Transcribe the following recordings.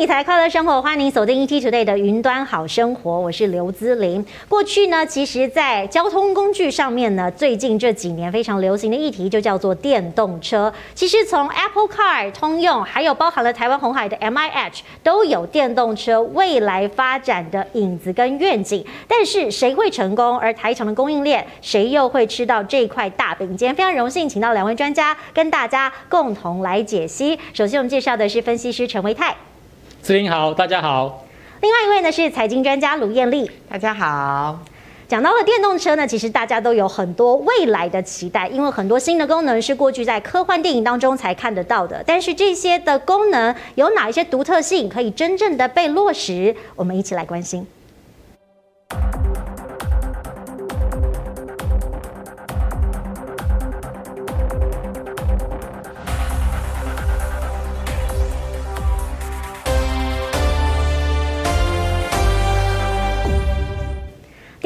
理財快樂生活，歡迎您鎖定 ETtoday 的雲端好生活，我是劉姿麟。過去呢，其實，在交通工具上面呢，最近這幾年非常流行的議題就叫做電動車。其實從 Apple Car、通用，還有包含了台灣鴻海的 MIH，都有電動車未來發展的影子跟願景。但是誰會成功，而台廠的供應鏈，誰又會吃到這塊大餅？今天非常榮幸，請到兩位專家跟大家共同來解析。首先，我們介紹的是分析師陳唯泰。姿麟好，大家好。另外一位呢，是財經專家盧燕俐。大家好。講到了電動車呢，其實大家都有很多未來的期待，因為很多新的功能是過去在科幻電影當中才看得到的。但是這些的功能有哪一些獨特性可以真正的被落實？我們一起來關心。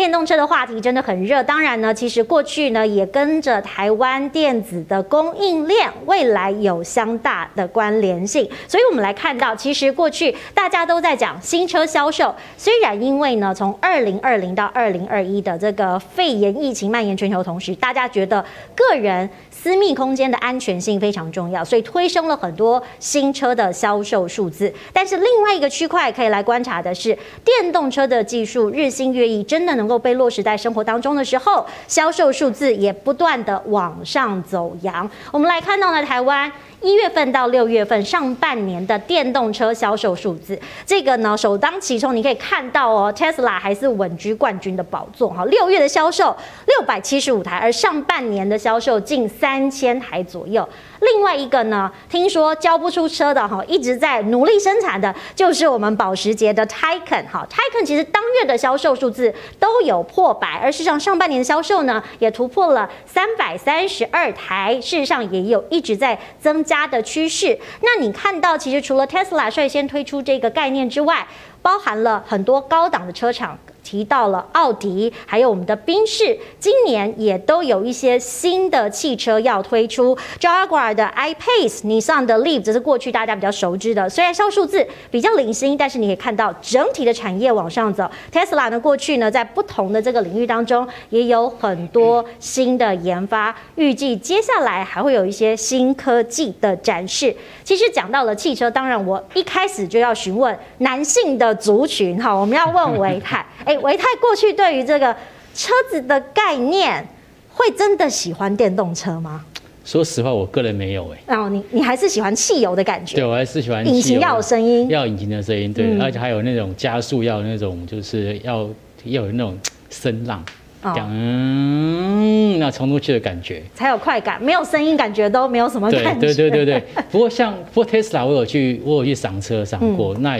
電動車的話題真的很熱，當然呢，其實過去呢也跟着台灣電子的供應鏈未來有相大的關聯性，所以我們來看到，其實過去大家都在講新車銷售，雖然因為呢從二零二零到二零二一的這個肺炎疫情蔓延全球，同時大家覺得個人。私密空間的安全性非常重要，所以推升了很多新車的銷售數字。但是另外一個區塊可以來觀察的是，電動車的技術日新月異，真的能夠被落實在生活當中的時候，銷售數字也不斷的往上走揚。我們來看到了台灣。一月份到六月份上半年的電動車銷售數字，這個呢首當其衝，你可以看到哦，Tesla 還是穩居冠軍的寶座。哈，六月的銷售六百七十五台，而上半年的銷售近三千台左右。另外一個呢，聽說交不出車的哈，一直在努力生產的，就是我們保時捷的 Taycan 哈，Taycan 其實當月的銷售數字都有破百，而事實上上半年的銷售呢，也突破了三百三十二台，事實上也有一直在增加的趨勢。那你看到，其實除了 Tesla 率先推出這個概念之外，包含了很多高檔的車廠。提到了奧迪，還有我們的賓士，今年也都有一些新的汽車要推出。Jaguar 的 iPACE，Nissan 的 Leaf，這是過去大家比較熟知的。雖然銷數字比較領先，但是你可以看到整體的產業往上走。Tesla 呢，過去呢在不同的這個領域當中也有很多新的研發，預計接下來還會有一些新科技的展示。其實講到了汽車，當然我一開始就要詢問男性的族群哈，我們要問唯泰，哎。 唯泰過去對於這個車子的概念，會真的喜歡電動車嗎？說實話，我個人沒有哎、欸。Oh, 你你還是喜歡汽油的感覺？對，我還是喜歡。引擎要有聲音，要有引擎的聲音，對，而且、嗯、還有那種加速要有那種，就是要要有那種聲浪，噔、oh.，那衝出去的感覺才有快感。沒有聲音，感覺都沒有什麼。感覺對對，對對對。不過像，不過 Tesla，我有去，我有去賞車賞過，嗯、那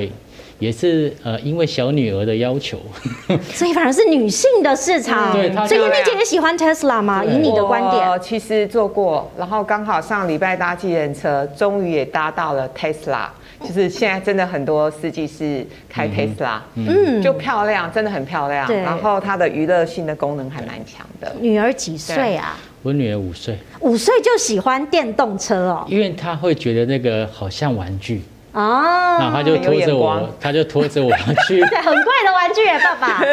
也是呃，因為小女兒的要求， 所以反而是女性的市場。嗯、對，所以那姐姐喜歡 Tesla 嗎？以你的觀點，我其實坐過，然後剛好上禮拜搭計程車，終於也搭到了 Tesla。就是現在真的很多司機是開 Tesla，嗯，就漂亮，真的很漂亮。對然後它的娛樂性的功能還蠻強的。對女兒幾歲啊？對我女兒五歲，五歲就喜歡電動車哦，因為她會覺得那個好像玩具。哦，然後、oh, 他就拖着我，他就拖着我去， 對，很快的玩具，爸爸。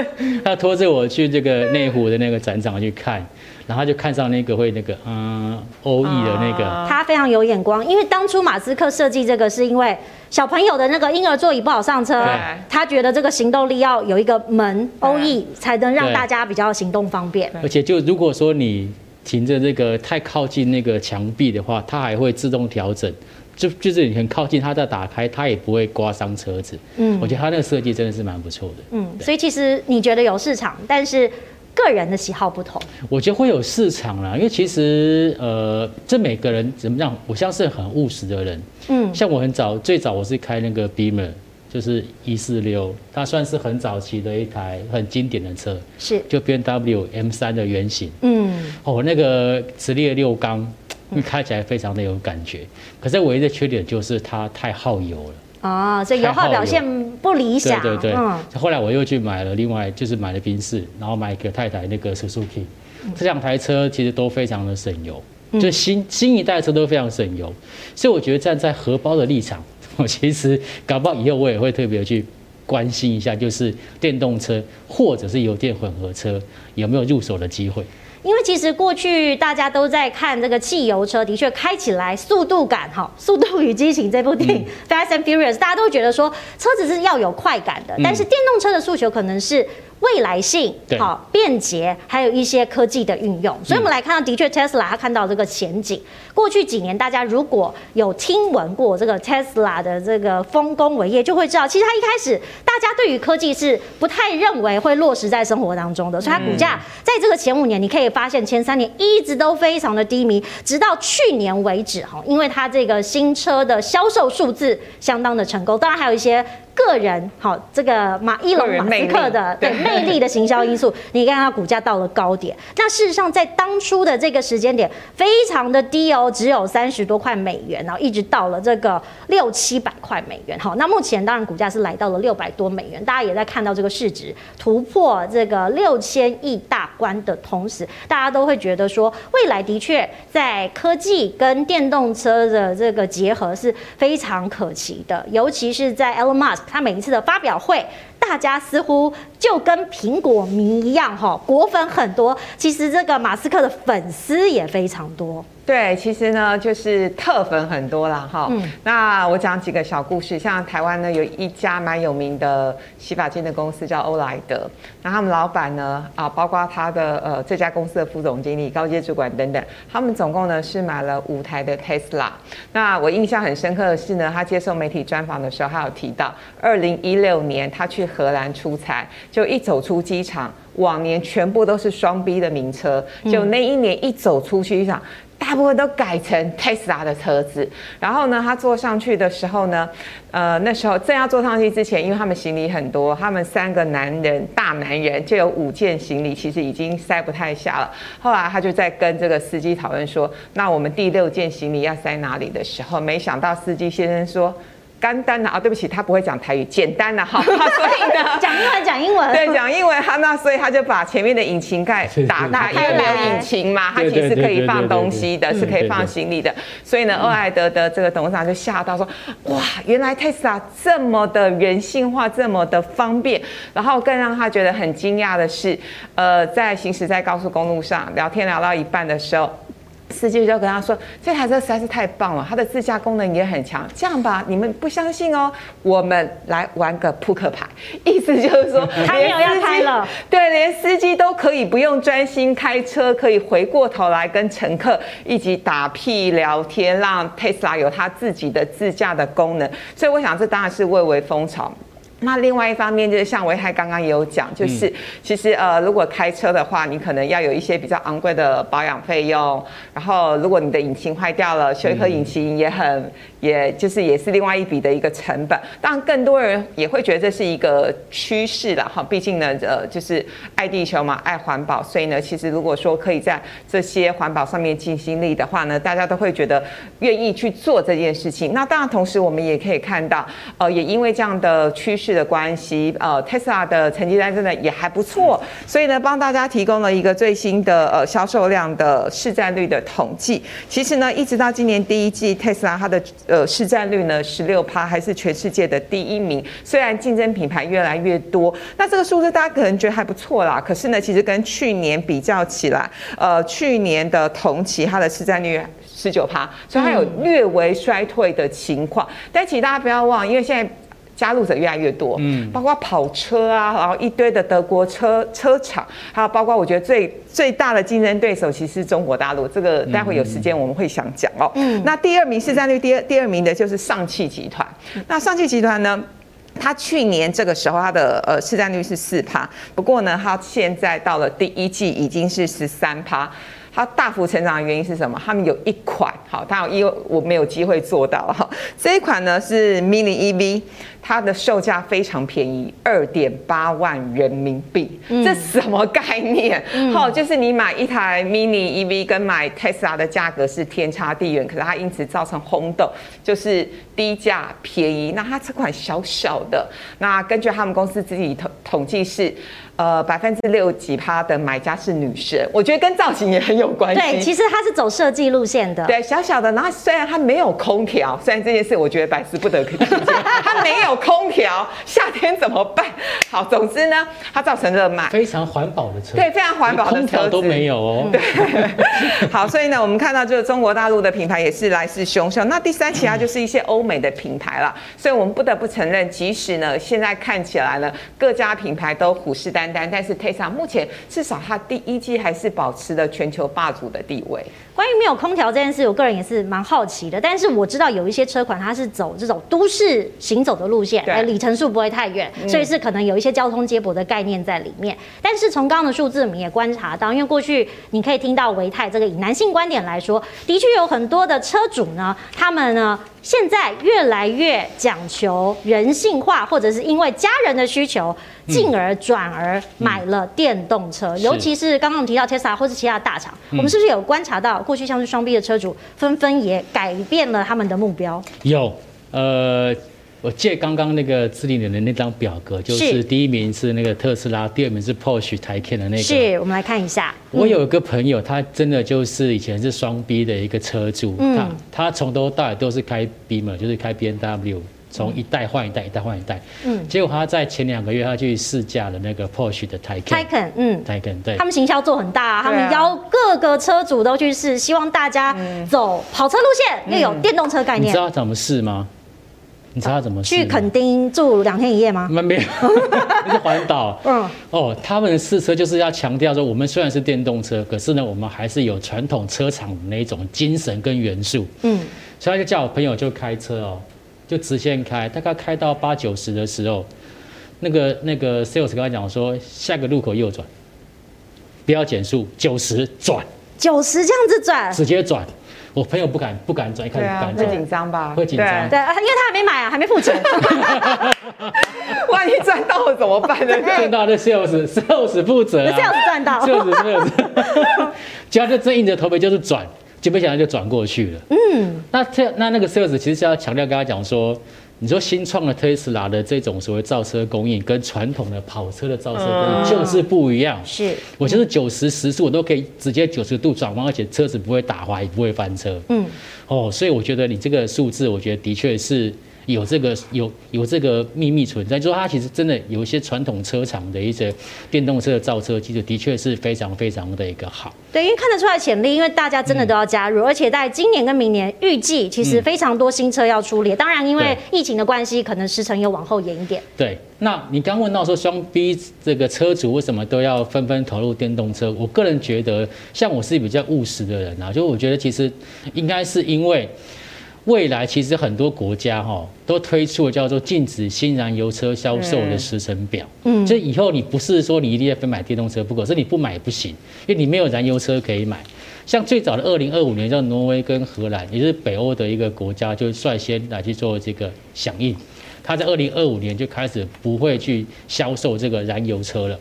他拖着我去這個內湖的那個展場去看，然後他就看上那個會那個嗯歐翼、e、的那個。啊、他非常有眼光，因為當初馬斯克設計這個是因為小朋友的那個嬰兒座椅不好上車，對他覺得這個行動力要有一個門歐翼、e, 對才能讓大家比較行動方便。而且就如果說你停着這個太靠近那個牆壁的話，它還會自動調整。就就是你很靠近，它在打開，它也不會刮傷車子。嗯，我覺得它那個設計真的是蠻不錯的。嗯，對所以其實你覺得有市場，但是個人的喜好不同。我覺得會有市場啦，因為其實呃，這每個人怎麼樣，我像是很務實的人。嗯，像我很早最早我是開那個 Beamer 就是一四六，它算是很早期的一台很經典的車。是。就 BMW M 三的原型。嗯。哦，那個直列六缸。因為開起來非常的有感覺，可是唯一的缺點就是它太耗油了。哦，所以油耗表現不理想。對對，對、嗯、後來我又去買了另外，就是買了賓士，然後買一個太太那個 Suzuki，這兩台車其實都非常的省油，嗯、就新新一代的車都非常省油。所以我覺得站在荷包的立場，我其實搞不好以後我也會特別去關心一下，就是電動車或者是油電混合車有沒有入手的機會。因為其實過去大家都在看這個汽油車，的確開起來速度感，哈，《速度與激情》這部電影嗯、《Fast and Furious》，大家都覺得說車子是要有快感的。嗯、但是電動車的訴求可能是未來性，好、嗯、便捷，還有一些科技的運用。所以我們來看到，的確，Tesla 他看到這個前景。過去幾年，大家如果有聽聞過這個 Tesla 的這個豐功偉業，就會知道，其實它一開始大家對於科技是不太認為會落實在生活當中的，所以它股價在這個前五年，你可以發現前三年一直都非常的低迷，直到去年為止，吼，因為它這個新車的銷售數字相當的成功，當然還有一些個人，好，這個馬一龍、馬斯克的對魅力的行銷因素，你看它股價到了高點。那事實上，在當初的這個時間點，非常的低哦。只有三十多塊美元，然後一直到了這個六七百塊美元。好，那目前當然股價是來到了六百多美元，大家也在看到這個市值突破這個六千億大關的同時，大家都會覺得說，未來的確在科技跟電動車的這個結合是非常可期的，尤其是在 Elon Musk，他每一次的發表會。大家似乎就跟蘋果迷一樣，哈，果粉很多。其實這個馬斯克的粉絲也非常多。對，其實呢就是特粉很多啦。哈。嗯，那我講幾個小故事。像台灣呢，有一家蠻有名的洗髮精的公司叫歐萊德，那他們老闆呢啊，包括他的呃這家公司的副總經理、高階主管等等，他們總共呢是買了五台的 Tesla。那我印象很深刻的是呢，他接受媒體專訪的時候，他有提到2016，二零一六年他去。荷蘭出差，就一走出機場，往年全部都是雙 B 的名車，就那一年一走出去機場，大部分都改成 Tesla 的車子。然後呢，他坐上去的時候呢，呃，那時候正要坐上去之前，因為他們行李很多，他們三個男人，大男人就有五件行李，其實已經塞不太下了。後來他就在跟這個司機討論說，那我們第六件行李要塞哪裡的時候，沒想到司機先生說。干單的啊，哦，對不起，他不會講台語，簡單的，啊，哈。好所以的。講 英文，講英文。對，嗯，講英文。哈，那所以他就把前面的引擎蓋打打開了。有引擎嘛？它其實是可以放東西的，是可以放行李的。對對對對對，所以呢，厄，嗯，艾德的這個董事長就嚇到說，哇，原來特斯 a 這麼的人性化，這麼的方便。然後更讓他覺得很驚訝的是，呃，在行駛在高速公路上聊天聊到一半的時候。司機就跟他說：“這台車實在是太棒了，它的自駕功能也很強。這樣吧，你們不相信哦，我們來玩個撲克牌，意思就是說， 連司機了， 對，連司機都可以不用專心開車，可以回過頭來跟乘客一起打屁聊天，讓 Tesla 有它自己的自駕的功能。所以，我想這當然是蔚為風潮。”那另外一方面就是像唯泰剛剛也有講，就是其實呃，如果開車的話，你可能要有一些比較昂貴的保養費用，然後如果你的引擎壞掉了，修一顆引擎也很。也就是也是另外一筆的一個成本，當然更多人也會覺得這是一個趨勢了哈，畢竟呢呃就是愛地球嘛，愛環保，所以呢其實如果說可以在這些環保上面盡心力的話呢，大家都會覺得願意去做這件事情。那當然同時我們也可以看到，呃也因為這樣的趨勢的關係，呃 Tesla 的成績單真的也還不錯，所以呢幫大家提供了一個最新的呃銷售量的市占率的統計。其實呢一直到今年第一季，Tesla 它的呃，市佔率呢，十六趴，還是全世界的第一名。雖然競爭品牌越來越多，那這個數字大家可能覺得還不錯啦。可是呢，其實跟去年比較起來，呃，去年的同期它的市占率十九趴，所以它有略微衰退的情況。但其實大家不要忘，因為現在。加入者越來越多，嗯，包括跑車啊，然後一堆的德國車車廠，還有包括我覺得最最大的競爭對手其實是中國大陸，這個待會有時間我們會想講哦。嗯，那第二名市占率對第二第二名的就是上汽集團。那上汽集團呢，它去年這個時候它的呃市占率是四趴，不過呢它現在到了第一季已經是十三趴。它大幅成長的原因是什麼？他們有一款，好，但我因為我沒有機會做到哈。這一款呢是 Mini EV，它的售價非常便宜，二點八萬人民幣，嗯、這什麼概念？嗯、好，就是你買一台 Mini EV 跟買 Tesla 的價格是天差地遠，可是它因此造成轟動，就是低價便宜。那它這款小小的，那根據他們公司自己統統計是。呃，百分之六幾趴的買家是女生，我覺得跟造型也很有關係。對，其實它是走設計路線的。對，小小的，然後雖然它沒有空調，雖然這件事我覺得百思不得其解，它 沒有空調， 夏天怎麼辦？好，總之呢，它造成熱賣。非常環保的車。對，非常環保的。空調都沒有哦。 對。好，所以呢，我們看到就是中國大陸的品牌也是來勢洶洶。那第三其他就是一些歐美的品牌了。嗯、所以我們不得不承認，即使呢現在看起來呢，各家品牌都虎視眈眈。但是 Tesla 目前至少它第一季還是保持了全球霸主的地位。關於沒有空調這件事，我個人也是蠻好奇的。但是我知道有一些車款它是走這種都市行走的路線，呃，里程數不會太遠，所以是可能有一些交通接駁的概念在裡面。但是從剛剛的數字，我們也觀察到，因為過去你可以聽到唯泰這個以男性觀點來說，的確有很多的車主呢，他們呢現在越來越講求人性化，或者是因為家人的需求。進而轉而買了電動車，嗯嗯、尤其是剛剛我們提到 Tesla 或是其他大廠，嗯、我們是不是有觀察到過去像是雙 B 的車主，紛紛也改變了他們的目標？有，呃，我借剛剛那個姿麟姐的那張表格，就是第一名是那個特斯拉，是第二名是 Porsche Taycan 的那個。是我們來看一下，我有一個朋友，嗯、他真的就是以前是雙 B 的一個車主，嗯、他他從頭到尾都是開 B 嘛，就是開 BMW。從一代換一代，一代換一代。嗯，結果他在前兩個月，他去試駕了那個 Porsche 的 Taycan。Taycan，嗯，Taycan 對。他們行銷做很大，他們邀各個車主都去試，希望大家走跑車路線，又有電動車概念。你知道他怎麼試嗎？你知道他怎麼試？去墾丁住兩天一夜嗎？我沒有，是環島。嗯，哦，他們試車就是要強調說，我們雖然是電動車，可是呢，我們還是有傳統車廠那種精神跟元素。嗯，所以他就叫我朋友就開車哦。就直線開，大概開到八九十的時候，那個那個 sales 剛才講說，下個路口右轉，不要減速，九十轉，九十這樣子轉，直接轉。我朋友不敢不敢轉，一開始不敢轉，緊張、啊、吧？會緊張。對，因為他還沒買啊，還沒付錢。 萬一賺到了怎麼辦呢？賺到那 sales sales 負責、啊。這樣子賺到，這樣子負責。他就真硬着頭皮就是轉。就不想就轉過去了。嗯，那這那那個車子其實是要強調跟他講說，你說新創的特斯拉的這種所謂造車工藝，跟傳統的跑車的造車工藝就是不一樣。是、嗯，我就是九十時速我都可以直接九十度轉彎，而且車子不會打滑，也不會翻車。嗯，哦，所以我覺得你這個數字，我覺得的確是。有這個有有這個秘密存在，就是說它其實真的有一些傳統車廠的一些電動車的造車技術，的確是非常非常的一個好。對，因為看得出來潛力，因為大家真的都要加入，而且在今年跟明年預計，其實非常多新車要出列。當然，因為疫情的關係，可能時程又往後延一點。對，那你剛問到說雙 B 這個車主為什麼都要紛紛投入電動車？我個人覺得，像我是比較務實的人啊，就我覺得其實應該是因為。未來其實很多國家哈都推出了叫做禁止新燃油車銷售的時程表，對嗯，就以後你不是說你一定要非買電動車不可，是你不買也不行，因為你沒有燃油車可以買。像最早的二零二五年，像挪威跟荷蘭，也是北歐的一個國家，就率先來去做這個響應。他在二零二五年就開始不會去銷售這個燃油車了。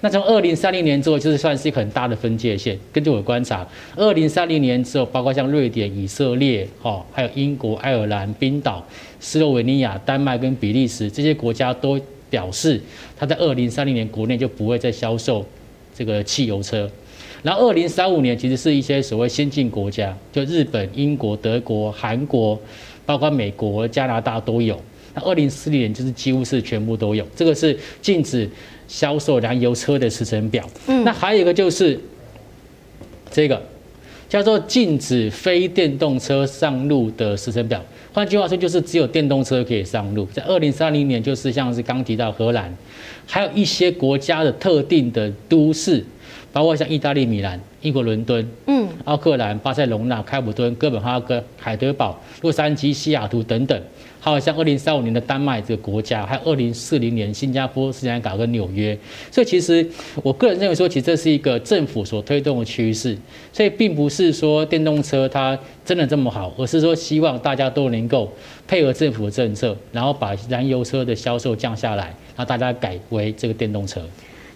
那從二零三零年之後，就是算是一個很大的分界線。根據我的觀察，二零三零年之後，包括像瑞典、以色列、哈，還有英國、愛爾蘭、冰島、斯洛維尼亞、丹麥跟比利時這些國家都表示，他在二零三零年國內就不會再銷售這個汽油車。然後二零三五年其實是一些所謂先進國家，就日本、英國、德國、韓國，包括美國、加拿大都有。那二零四零年就是幾乎是全部都有，這個是禁止銷售燃油車的時程表。嗯，那還有一個就是這個叫做禁止非電動車上路的時程表。換句話說，就是只有電動車可以上路。在二零三零年，就是像是剛提到荷蘭，還有一些國家的特定的都市，包括像意大利米蘭、英國倫敦、嗯、奧克蘭、巴塞隆納、開普敦、哥本哈根、海德堡、洛杉磯、西雅圖等等。還有像二零三五年的丹麥這個國家，還有二零四零年新加坡、斯里蘭卡跟紐約，所以其實我個人認為說，其實這是一個政府所推動的趨勢，所以並不是說電動車它真的這麼好，而是說希望大家都能夠配合政府的政策，然後把燃油車的銷售降下來，讓大家改為這個電動車。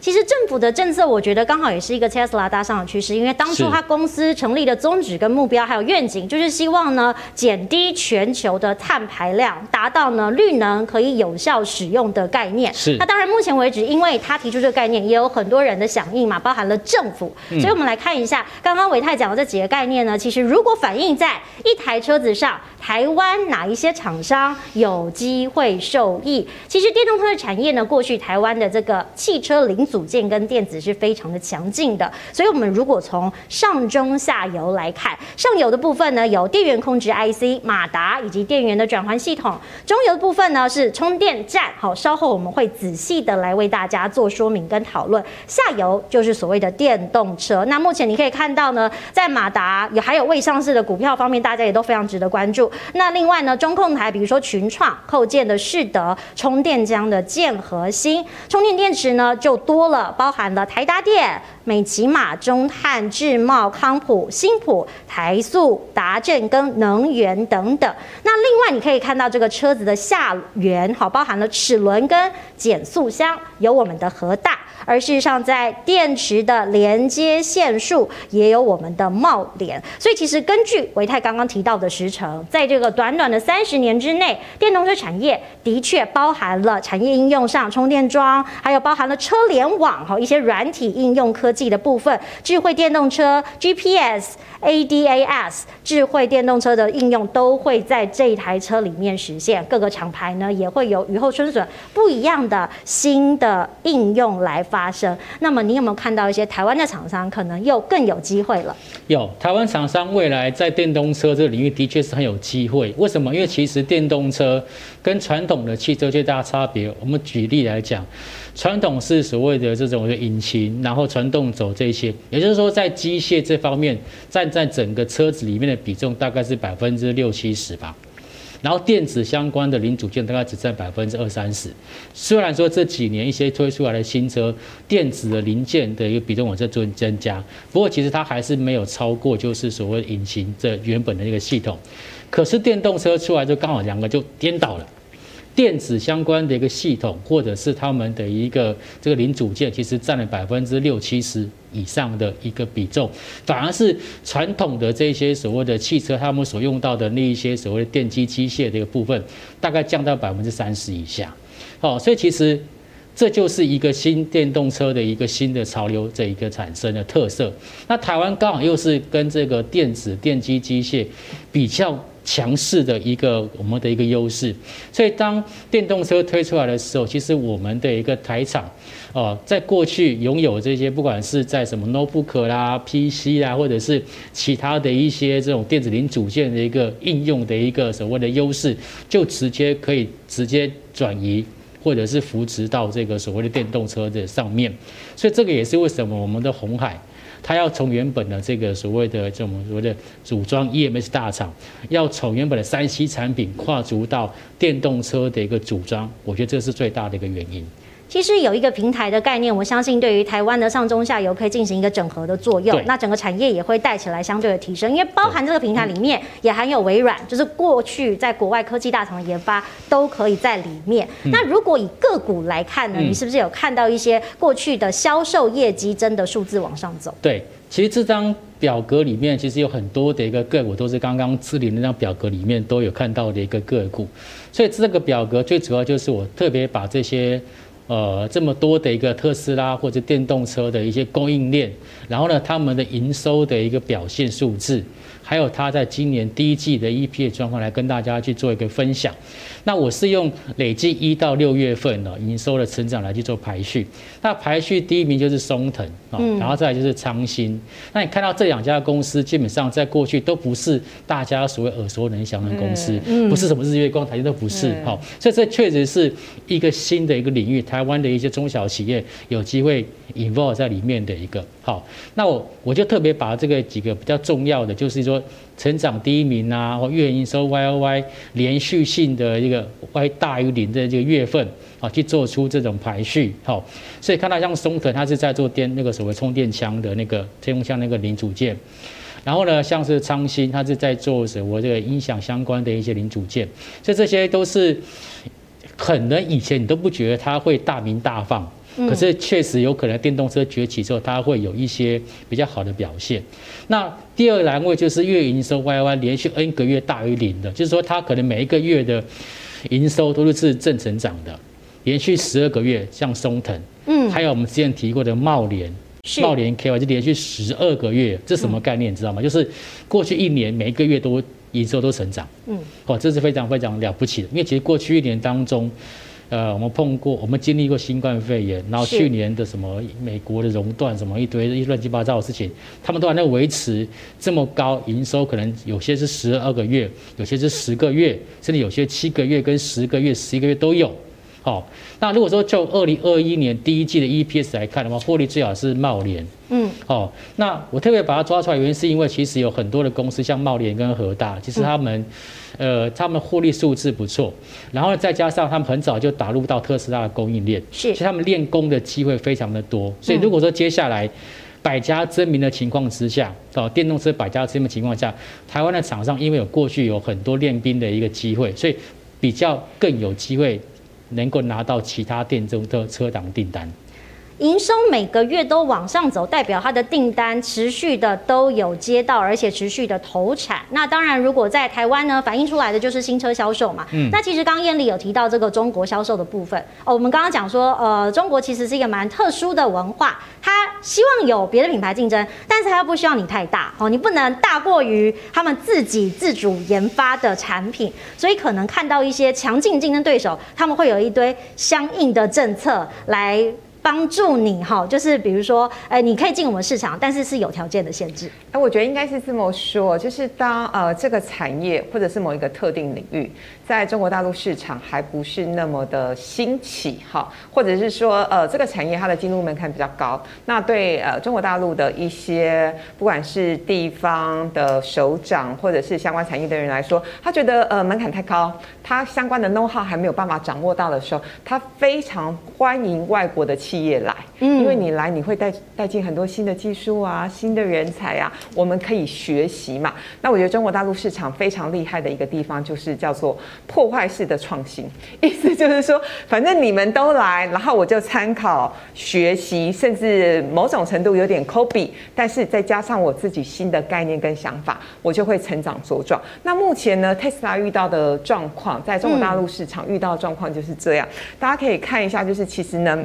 其實政府的政策，我覺得剛好也是一個 Tesla 搭上的趨勢，因為當初他公司成立的宗旨，跟目標還有願景，就是希望呢減低全球的碳排量，達到呢綠能可以有效使用的概念。是。那當然目前為止，因為他提出這個概念，也有很多人的響應嘛，包含了政府。所以我們來看一下，嗯、剛剛唯泰講的這幾個概念呢，其實如果反映在一台車子上，台灣哪一些廠商有機會受益？其實電動車的產業呢，過去台灣的這個汽車零。組件跟電子是非常的強勁的，所以我們如果從上中下游來看，上游的部分呢有電源控制 IC、馬達以及電源的轉換系統；中游的部分呢是充電站，好，稍後我們會仔細的來為大家做說明跟討論。下游就是所謂的電動車，那目前你可以看到呢，在馬達有還有未上市的股票方面，大家也都非常值得關注。那另外呢，中控台比如說群創、扣件的世德、充電槍的健和興充電電池呢就多多了，包含了台達電、美琪瑪、中漢、智茂、康普、新普、台塑、達正跟能源等等。那另外你可以看到這個車子的下緣，好，包含了齒輪跟減速箱，有我們的和大。而事實上，在電池的連接線束也有我們的貿聯，所以其實根據唯泰剛剛提到的時程，在這個短短的三十年之內，電動車產業的確包含了產業應用上充電樁，還有包含了車聯網和一些軟體應用科技的部分，智慧電動車 GPS、ADAS，智慧電動車的應用都會在這台車裡面實現。各個廠牌呢也會有雨後春筍不一樣的新的應用來發發生，那麼你有沒有看到一些台灣的廠商可能又更有機會了？有，台灣廠商未來在電動車這個領域的確是很有機會。為什麼？因為其實電動車跟傳統的汽車最大差別，我們舉例來講，傳統是所謂的這種引擎，然後傳動軸這些，也就是說在機械這方面，占在整個車子裡面的比重大概是百分之六七十吧。然後電子相關的零組件大概只占百分之二三十，雖然說這幾年一些推出來的新車，電子的零件的一個比重往這增加，不過其實它還是沒有超過就是所謂引擎這原本的一個系統，可是電動車出來就剛好兩個就顛倒了。電子相關的一個系統，或者是他們的一個這個零組件，其實占了百分之六七十以上的一個比重，反而是傳統的這些所謂的汽車，他們所用到的那一些所謂的電機機械的一個部分，大概降到百分之三十以下。好，所以其實這就是一個新電動車的一個新的潮流，這一個產生的特色。那台灣剛好又是跟這個電子電機機械比較。強勢的一個我們的一個優勢，所以當電動車推出來的時候，其實我們的一個台廠，呃，在過去擁有這些，不管是在什麼 notebook 啦、PC 啦，或者是其他的一些這種電子零組件的一個應用的一個所謂的優勢，就直接可以直接轉移，或者是扶持到這個所謂的電動車的上面，所以這個也是為什麼我們的鴻海。他要從原本的這個所謂的，我們所謂的組裝 EMS 大廠，要從原本的三 C 產品跨足到電動車的一個組裝，我覺得這是最大的一個原因。其實有一個平台的概念，我相信對於台灣的上中下游可以進行一個整合的作用。對那整個產業也會帶起來相對的提升，因為包含這個平台裡面也含有微軟，嗯、就是過去在國外科技大廠的研發都可以在裡面。嗯、那如果以個股來看呢，嗯、你是不是有看到一些過去的銷售業績真的數字往上走？對，其實這張表格裡面其實有很多的一個個股都是剛剛姿麟那張表格裡面都有看到的一個個股，所以這個表格最主要就是我特別把這些。呃，這麼多的一個特斯拉或者電動車的一些供應鏈，然後呢，他們的營收的一個表現數字，還有他在今年第一季的 EPS 狀況，來跟大家去做一個分享。那我是用累計一到六月份的營收的成長來去做排序。那排序第一名就是松騰啊，嗯、然後再來就是昌鑫。那你看到這兩家公司，基本上在過去都不是大家所謂耳熟能詳的公司，嗯、不是什麼日月光台，台積都不是。好、嗯，所以這確實是一個新的一個領域，它。台灣的一些中小企業有機會 involve 在裡面的一個。好，那我我就特別把這個幾個比較重要的，就是說成長第一名啊，或月營收 Y O Y 連續性的一個 Y 大於零的這個月份啊，去做出這種排序好。所以看到像松藤，他是在做電那個所謂充電槍的那個天空箱那個零組件，然後呢，像是昌鑫，他是在做什麼這個音響相關的一些零組件，所以這些都是。可能以前你都不覺得它會大鳴大放，可是確實有可能電動車崛起之後，它會有一些比較好的表現。那第二個欄位就是月營收 Y/Y 連續 N 個月大於零的，就是說它可能每一個月的營收都是正成長的，連續十二個月，像松騰，嗯，還有我們之前提過的茂聯，茂聯 KY 就連續十二個月，這是什麼概念你知道嗎？就是過去一年每一個月都。營收都成長，嗯，哇，這是非常非常了不起的。因為其實過去一年當中，呃，我們碰過，我們經歷過新冠肺炎，然後去年的什麼美國的熔斷，什麼一堆亂七八糟的事情，他們都還在維持這麼高營收，可能有些是十二個月，有些是十個月，甚至有些七個月跟十個月、十一個月都有。好、哦，那如果說就二零二一年第一季的 EPS 來看的話，獲利最好是貿聯。嗯，好、哦，那我特別把它抓出來，原因是因為其實有很多的公司，像貿聯跟和大，其實他們，嗯、呃，他們獲利數字不錯。然後再加上他們很早就打入到特斯拉的供應鏈，是，其實他們練功的機會非常的多。所以如果說接下來百家爭鳴的情況之下，哦，電動車百家爭鳴的情況下，台灣的廠商因為有過去有很多練兵的一個機會，所以比較更有機會。能夠拿到其他電動車的車廠訂單。營收每個月都往上走，代表它的訂單持續的都有接到，而且持續的投產。那當然，如果在台灣呢，反映出來的就是新車銷售嘛。嗯，那其實剛剛燕俐有提到這個中國銷售的部分哦。我們剛剛講說，呃，中國其實是一個蠻特殊的文化，它希望有別的品牌競爭，但是它又不希望你太大哦，你不能大過於他們自己自主研發的產品。所以可能看到一些強勁競爭對手，他們會有一堆相應的政策來。幫助你哈，就是比如說，呃，你可以進我們市場，但是是有條件的限制。哎、呃，我覺得應該是這麼說，就是當呃這個產業或者是某一個特定領域。在中國大陸市場還不是那麼的興起哈，或者是說呃這個產業它的進入門檻比較高，那對呃中國大陸的一些不管是地方的首長或者是相關產業的人來說，他覺得呃門檻太高，他相關的 know-how 還沒有辦法掌握到的時候，他非常歡迎外國的企業來，嗯，因為你來你會帶帶進很多新的技術啊，新的人才啊，我們可以學習嘛。那我覺得中國大陸市場非常厲害的一個地方就是叫做。破壞式的創新，意思就是說，反正你們都來，然後我就參考學習，甚至某種程度有點 copy，但是再加上我自己新的概念跟想法，我就會成長茁壯。那目前呢，特斯拉遇到的狀況，在中國大陸市場遇到的狀況就是這樣，嗯、大家可以看一下，就是其實呢。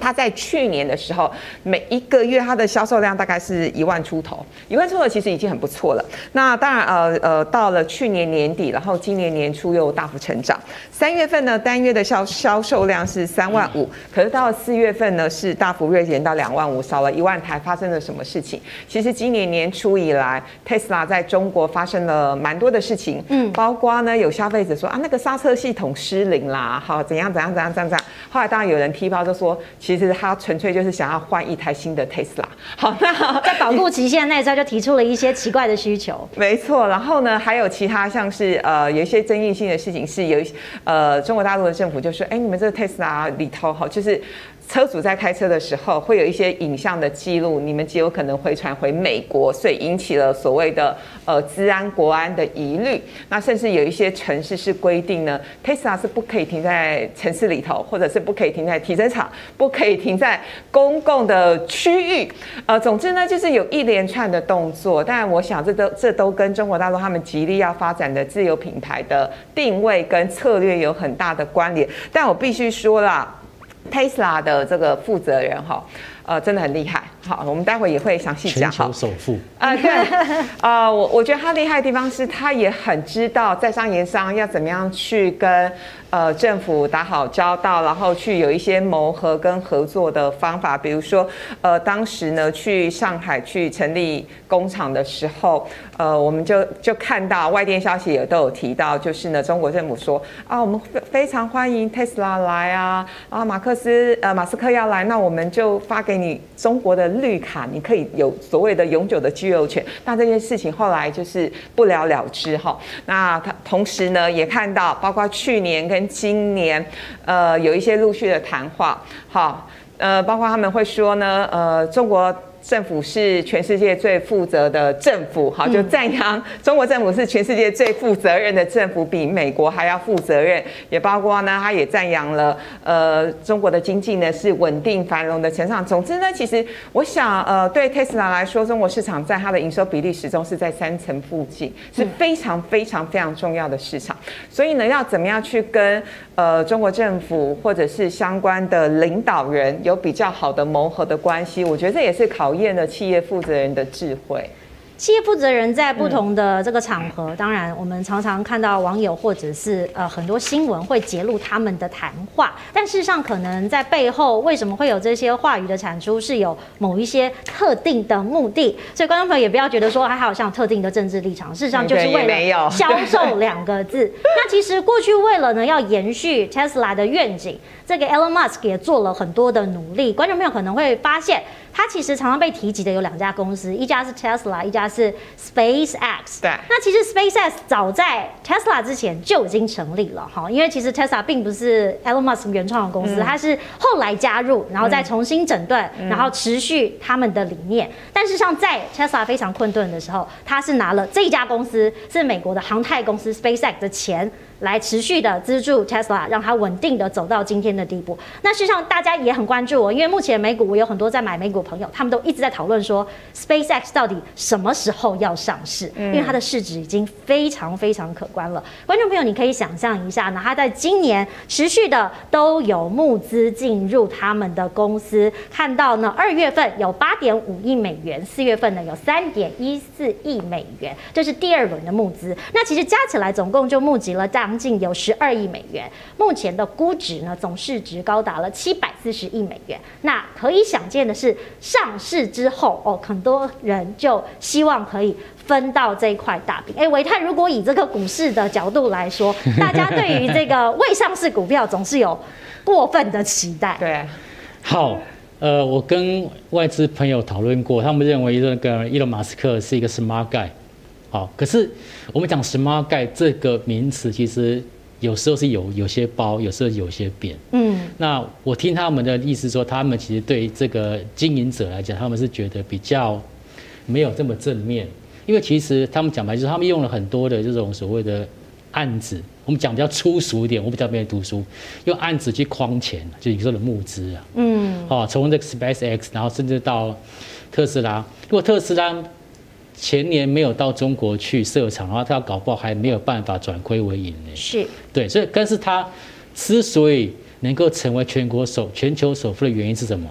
他在去年的時候，每一個月它的銷售量大概是一萬出頭，一萬出頭其實已經很不錯了。那當然，呃呃，到了去年年底，然後今年年初又大幅成長。三月份呢，單月的銷銷售量是三萬五，可是到了四月份呢，是大幅銳減到兩萬五，少了一萬台，發生了什麼事情？其實今年年初以來，s l a 特斯拉在中國發生了蠻多的事情，嗯，包括呢有消費者說啊，那個剎車系統失靈啦，好，怎樣怎樣怎樣怎樣，怎樣。後來當然有人踢爆就說。其實他純粹就是想要換一台新的 Tesla。好，那在保固期限那時候就提出了一些奇怪的需求。沒錯，然後呢，還有其他像是呃，有一些爭議性的事情，是有一呃，中國大陸的政府就說：“哎，你們這個 Tesla 裡頭好就是。”車主在開車的時候會有一些影像的記錄，你們極有可能會傳回美國，所以引起了所謂的呃資安國安的疑慮。那甚至有一些城市是規定呢，Tesla 是不可以停在城市裡頭，或者是不可以停在停車場，不可以停在公共的區域。呃，總之呢，就是有一連串的動作。但我想這都這都跟中國大陸他們極力要發展的自有品牌的定位跟策略有很大的關聯。但我必須說啦特斯拉的這個負責人哈，呃，真的很厲害。好，我們待會也會詳細講哈。全球首富啊、呃，對，啊、 呃，我我覺得他厲害的地方是他也很知道在商言商要怎麼樣去跟。呃，政府打好交道，然後去有一些磨合跟合作的方法，比如說，呃，當時呢，去上海去成立工廠的時候，呃，我們就就看到外電消息也都有提到，就是呢，中國政府說啊，我們非非常歡迎 Tesla 來啊，啊，馬克思，呃，馬斯克要來，那我們就發給你中國的綠卡，你可以有所謂的永久的居留權。但這件事情後來就是不了了之哈、哦。那他同時呢也看到，包括去年跟今年，呃，有一些陸續的談話，好，呃，包括他們會說呢，呃，中國政府是全世界最負責的政府，好，就讚揚中國政府是全世界最負責任的政府，比美國還要負責任，也包括呢，他也讚揚了呃中國的經濟呢是穩定繁榮的成長。總之呢，其實我想呃對 Tesla 來說，中國市場在它的營收比例始終是在三成附近，是非常非常非常重要的市場。所以呢，要怎麼樣去跟呃中國政府或者是相關的領導人有比較好的磨合的關係，我覺得這也是考。考驗了企業負責人的智慧。企業負責人在不同的這個場合，嗯、當然我們常常看到網友或者是呃很多新聞會揭露他們的談話，但事實上可能在背後，為什麼會有這些話語的產出，是有某一些特定的目的。所以觀眾朋友也不要覺得說，還好像特定的政治立場， 事實上就是為了銷售兩個字。那其實過去為了呢要延續 Tesla 的願景， 這個 Elon Musk 也做了很多的努力。觀眾朋友可能會發現。他其實常常被提及的有兩家公司，一家是 Tesla，一家是 SpaceX。對。那其實 SpaceX 早在 Tesla 之前就已經成立了哈，因為其實 Tesla 並不是 Elon Musk 原創的公司，嗯、它是後來加入，然後再重新整頓，嗯、然後持續他們的理念。嗯、但是像在 Tesla 非常困頓的時候，他是拿了這一家公司，是美國的航太公司 SpaceX 的錢來持續的資助 Tesla，讓它穩定的走到今天的地步。那實際上大家也很關注、哦，因為目前美股，我有很多在買美股。我朋友，他們都一直在討論說，SpaceX 到底什麼時候要上市？嗯、因為它的市值已經非常非常可觀了。觀眾朋友，你可以想象一下，呢，它在今年持續的都有募資進入他們的公司。看到呢，二月份有八點五億美元，四月份呢有三點一四億美元，這，就是第二輪的募資。那其實加起來總共就募集了將近有十二億美元。目前的估值呢，總市值高達了七百四十億美元。那可以想見的是。上市之後哦，很多人就希望可以分到這塊大餅。哎、欸，唯泰，如果以這個股市的角度來說， 大家對於這個未上市股票總是有過分的期待。對，好，呃，我跟外資朋友討論過，他們認為那個伊隆馬斯克是一個 smart guy。好，可是我們講 smart guy 這個名詞，其實。有時候是有有些褒，有時候有些貶，嗯。那我聽他們的意思說，他們其實對於這個經營者來講，他們是覺得比較沒有這麼正面，因為其實他們講白就是他們用了很多的這種所謂的案子，我們講比較粗俗一點，我比較沒讀書，用案子去誆錢，就有時候的募資啊，嗯，哦，從這個 SpaceX，然後甚至到特斯拉，如果特斯拉。前年沒有到中國去設廠的話，然後他要搞不好還沒有辦法轉虧為盈呢、欸。是，對，所以，但是他之所以能夠成為全國首、全球首富的原因是什麼？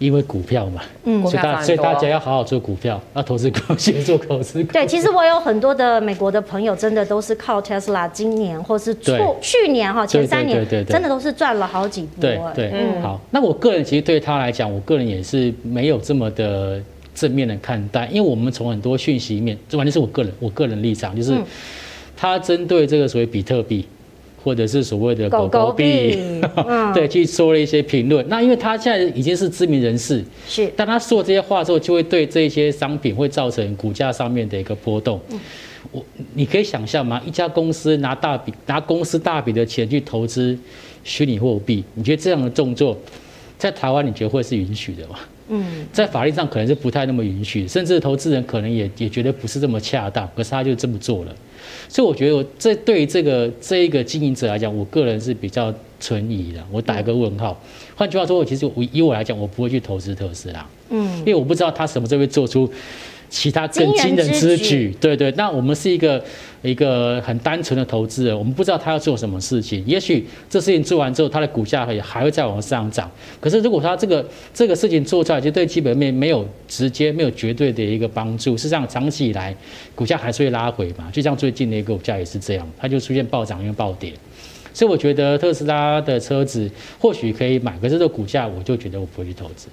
因為股票嘛，嗯，所以大，所以大家要好好做股票，要投資公司，先做投資公司。對，其實我有很多的美國的朋友，真的都是靠 Tesla。今年或是去對去年哈、喔、前三年，真的都是賺了好幾波、欸。對對，對對，嗯。好，那我個人其實對他來講，我個人也是沒有這麼的，正面的看待，因為我們從很多訊息面，這完全是我個人，我個人立場，就是、嗯、他針對這個所謂比特幣，或者是所謂的狗狗幣，狗狗嗯、 對，去說了一些評論。那因為他現在已經是知名人士，是，但他說這些話之後，就會對這些商品會造成股價上面的一個波動。嗯、我，你可以想象嗎？一家公司拿大筆，拿公司大筆的錢去投資虛擬貨幣，你覺得這樣的動作？在台灣你覺得會是允許的嗎？嗯，在法律上可能是不太那麼允許，甚至投資人可能也也覺得不是這麼恰當，可是他就這麼做了。所以我覺得我這對於這個這一個經營者來講，我個人是比較存疑的，我打一個問號。嗯，換句話說，我其實我以我來講，我不會去投資特斯拉，嗯，因為我不知道他什麼時候會做出。其他更驚人之舉，對對，那我們是一個一個很單純的投資人，我們不知道他要做什麼事情。也許這事情做完之後，它的股價會還會再往上漲。可是如果他這個這個事情做出來，就對基本面沒有直接、沒有絕對的一個幫助。事實上，長期以來股價還是會拉回嘛，就像最近的一個股價也是這樣，它就出現暴漲因為暴跌。所以我覺得特斯拉的車子或許可以買，可是這個股價我就覺得我不會去投資。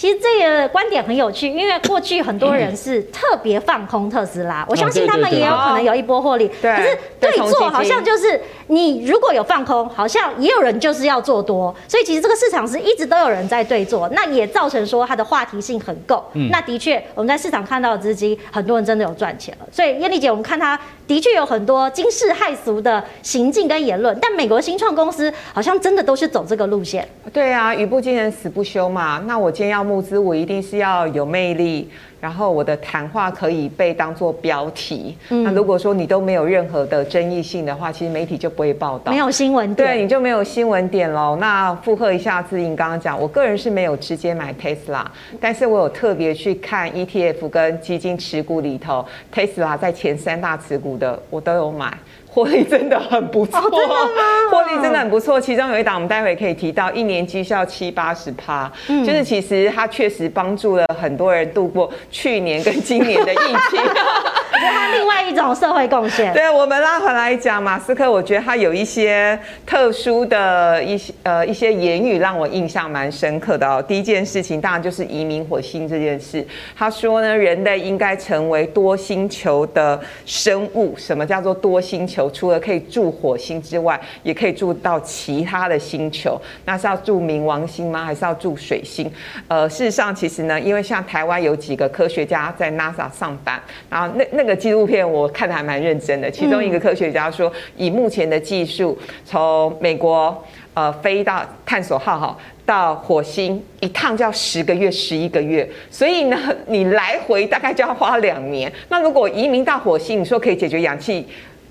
其實這個觀點很有趣，因為過去很多人是特別放空特斯拉，我相信他們也有可能有一波獲利。可是對做好像就是你如果有放空，好像也有人就是要做多，所以其實這個市場是一直都有人在對做，那也造成說它的話題性很夠。那的確我們在市場看到的資金，很多人真的有賺錢了。所以燕俐姐，我們看它。的確有很多驚世駭俗的行徑跟言論，但美國新創公司好像真的都是走這個路線。對啊，語不驚人死不休嘛。那我今天要募資，我一定是要有魅力。然後我的談話可以被當作標題。嗯、那如果說你都沒有任何的爭議性的話，其實媒體就不會報道。沒有新聞點，對，你就沒有新聞點嘍。那附和一下，姿麟剛剛講，我個人是沒有直接買特斯拉但是我有特別去看 ETF 跟基金持股裡頭，特斯拉在前三大持股的，我都有買。獲利真的很不錯，獲利、oh, 真，真的很不錯。其中有一檔，我們待會可以提到，一年績效七八十趴，嗯，就是其實它確實幫助了很多人度過去年跟今年的疫情。 他另外一種社會貢獻。對，我們拉回來講，馬斯克，我覺得他有一些特殊的一些呃一些言語，讓我印象蠻深刻的哦。第一件事情，當然就是移民火星這件事。他說呢，人類應該成為多星球的生物。什麼叫做多星球？除了可以住火星之外，也可以住到其他的星球。那是要住冥王星嗎？還是要住水星？呃，事實上，其實呢，因為像台灣有幾個科學家在 NASA 上班，然後那那個。紀錄片我看的還蠻認真的，其中一個科學家說，以目前的技術，從美國呃飛到探索號哈到火星一趟就要十個月、十一個月，所以呢，你來回大概就要花兩年。那如果移民到火星，你說可以解決氧氣？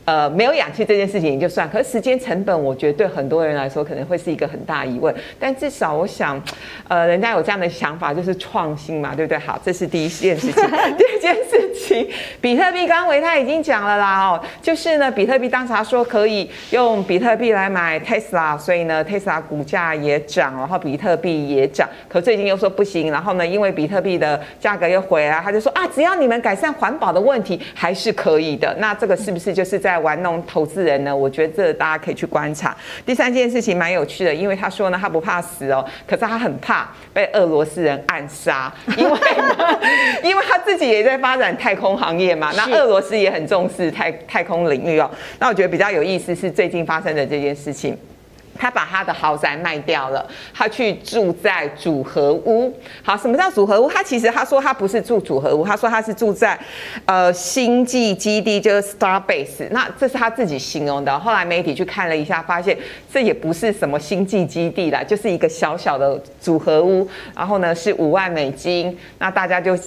呃，沒有氧氣這件事情也就算，可是時間成本，我覺得對很多人來說可能會是一個很大疑問。但至少我想，呃，人家有這樣的想法就是創新嘛，對不對？好，這是第一件事情。第二 件事情，比特幣，剛唯泰已經講了啦，哦，就是呢，比特幣當時他說可以用比特幣來買 Tesla，所以呢，Tesla 股價也漲，然後比特幣也漲。可最近又說不行，然後呢，因為比特幣的價格又回來，他就說啊，只要你們改善環保的問題，還是可以的。那這個是不是就是在？玩弄投資人呢？我覺得這大家可以去觀察。第三件事情蠻有趣的，因為他說呢，他不怕死哦，可是他很怕被俄羅斯人暗殺，因為， 因為他自己也在發展太空行業嘛。是那俄羅斯也很重視太太空領域哦。那我覺得比較有意思是最近發生的這件事情。他把他的豪宅賣掉了，他去住在組合屋。好，什麼叫組合屋？他其實他說他不是住組合屋，他說他是住在，呃，星際基地，就是 Starbase。那這是他自己形容的。後來媒體去看了一下，發現這也不是什麼星際基地啦，就是一個小小的組合屋。然後呢，是五萬美金。那大家就。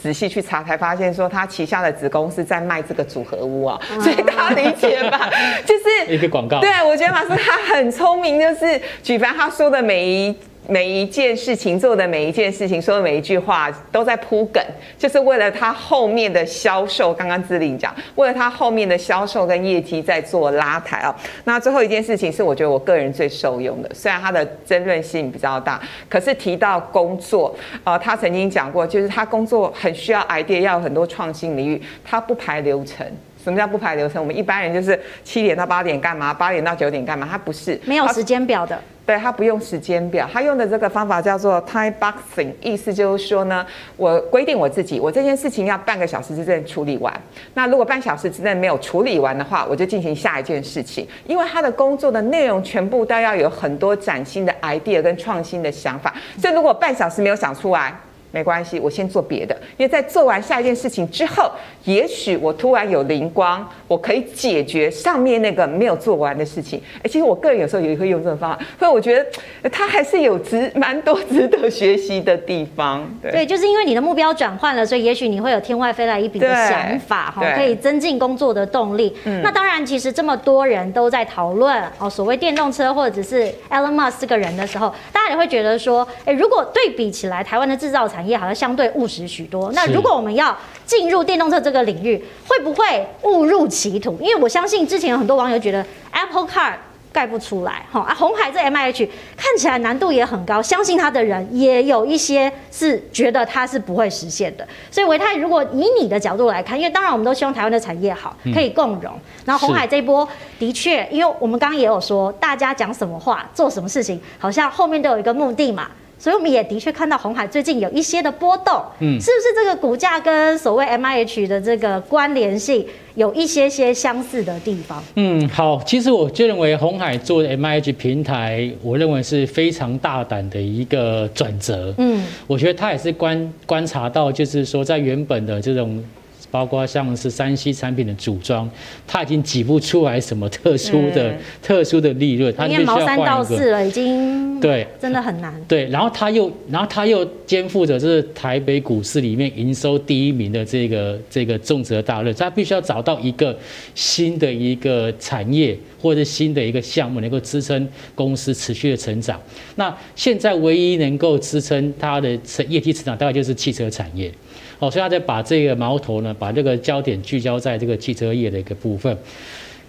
仔細去查才發現，說他旗下的子公司在賣這個組合屋啊，啊，所以大家理解吧， 就是一個廣告。對，我覺得馬斯克他很聰明， 就是舉凡他說的每一。每一件事情，做的每一件事情，說的每一句話都在鋪梗，就是為了他後面的銷售。剛剛姿麟講，為了他後面的銷售跟業績在做拉抬哦，那最後一件事情是我覺得我個人最受用的，雖然他的爭論性比較大，可是提到工作啊、呃，他曾經講過，就是他工作很需要 idea，要有很多創新領域，他不排流程。什麼叫不排流程？我們一般人就是七點到八點幹嘛，八點到九點幹嘛，他不是，他沒有時間表的。對，他不用時間表，他用的這個方法叫做 time boxing，意思就是說呢，我規定我自己，我這件事情要半個小時之內處理完。那如果半小時之內沒有處理完的話，我就進行下一件事情，因為他的工作的內容全部都要有很多嶄新的 idea 跟創新的想法，所以如果半小時沒有想出來。沒關係，我先做別的，因為在做完下一件事情之後，也許我突然有靈光，我可以解決上面那個沒有做完的事情。哎、欸，其實我個人有時候也會用這種方法，所以我覺得他還是有值蠻多值得學習的地方。對、對，就是因為你的目標轉換了，所以也許你會有天外飛來一筆的想法，哈對，可以增進工作的動力。嗯、那當然，其實這麼多人都在討論哦，所謂電動車或者是 Elon Musk 這個人的時候，大家也會覺得說，哎、欸，如果對比起來台，台灣的制造廠。產業好像相對務實許多。那如果我們要進入電動車這個領域，是會不會誤入歧途？因為我相信之前有很多網友覺得 Apple Car 蓋不出來，哈，啊，鴻海這 MIH 看起來難度也很高。相信他的人也有一些是覺得他是不會實現的。所以維泰，如果以你的角度來看，因為當然我們都希望台灣的產業好，可以共融。嗯、然後鴻海這波的確，因為我們剛剛也有說，大家講什麼話、做什麼事情，好像後面都有一個目的嘛。所以我們也的確看到鴻海最近有一些的波動，嗯，是不是這個股價跟所謂 M I H 的這個關聯性有一些些相似的地方？嗯，好，其實我就認為鴻海做的 M I H 平台，我認為是非常大膽的一個轉折，嗯，我覺得他也是觀觀察到，就是說在原本的這種。包括像是 3C 產品的組裝，它已經擠不出來什麼特殊的、特殊的利潤，它已經毛三到四了，已經對，真的很難。對，然後它又，然後它又肩負着是台北股市裡面營收第一名的這個這個重責大任，它必須要找到一個新的一個產業或者是新的一個項目，能夠支撐公司持續的成長。那現在唯一能夠支撐它的成業績成長，大概就是汽車產業。哦，所以他在把這個矛頭呢，把這個焦點聚焦在這個汽車業的一個部分。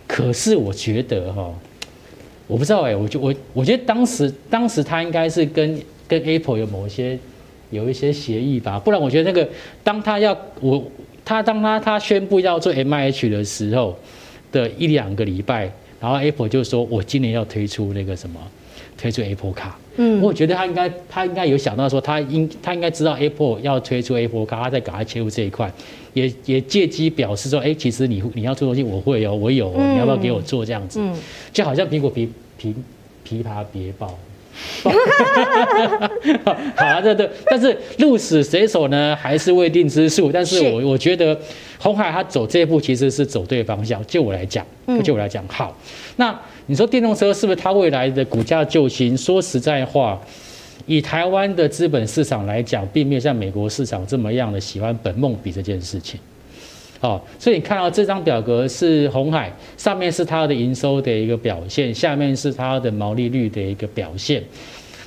可是我覺得哈，我不知道哎、欸，我就我我覺得當時當時他應該是跟跟 Apple 有某些有一些協議吧，不然我覺得那個當他要我他當他他宣布要做 MIH 的時候的一兩個禮拜，然後 Apple 就說我今年要推出那個什麼，推出 Apple 卡。嗯，我覺得他應該，他應該有想到說，他應他應該知道 Apple 要推出 Apple Card，他再趕快切入這一塊，也也借機表示說，哎，其實你你要做東西，我會哦，我有、哦，你要不要給我做這樣子？就好像蘋果皮皮琵琶別抱， 好啊，對對，但是鹿死誰手呢，還是未定之數。但是我是 我覺得鴻海他走這一步其實是走對方向，就我來講，就我來講，好，那。你說電動車是不是它未來的股價救星？說實在話，以台灣的資本市場來講，並沒有像美國市場這麼樣的喜歡本夢比這件事情。好，所以你看到這張表格是鴻海，上面是它的營收的一個表現，下面是它的毛利率的一個表現。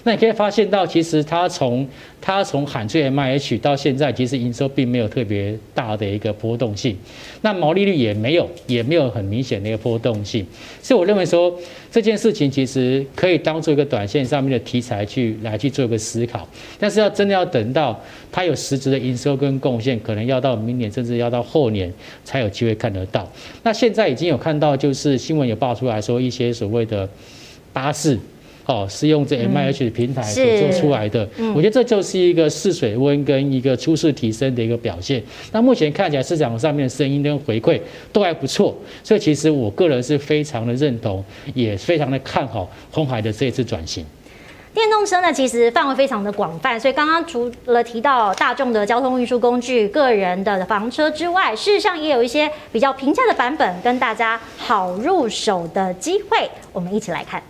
那你可以發現到，其實它從它從喊出 MIH 到現在，其實營收並沒有特別大的一個波動性，那毛利率也沒有，也沒有很明顯的一個波動性，所以我認為說，這件事情其實可以當做一個短線上面的題材去來去做一個思考，但是要真的要等到它有實質的營收跟貢獻，可能要到明年甚至要到後年才有機會看得到。那現在已經有看到，就是新聞有爆出來說一些所謂的巴士。哦，是用這 MIH 平台所做出來的，嗯嗯、我覺得這就是一個試水溫跟一個初試啼聲的一個表現。那目前看起來市場上面的聲音跟回饋都還不錯，所以其實我個人是非常的認同，也非常的看好鴻海的這次轉型。電動車呢，其實範圍非常的廣泛，所以剛剛除了提到大眾的交通運輸工具、個人的房車之外，事實上也有一些比較平價的版本跟大家好入手的機會，我們一起來看。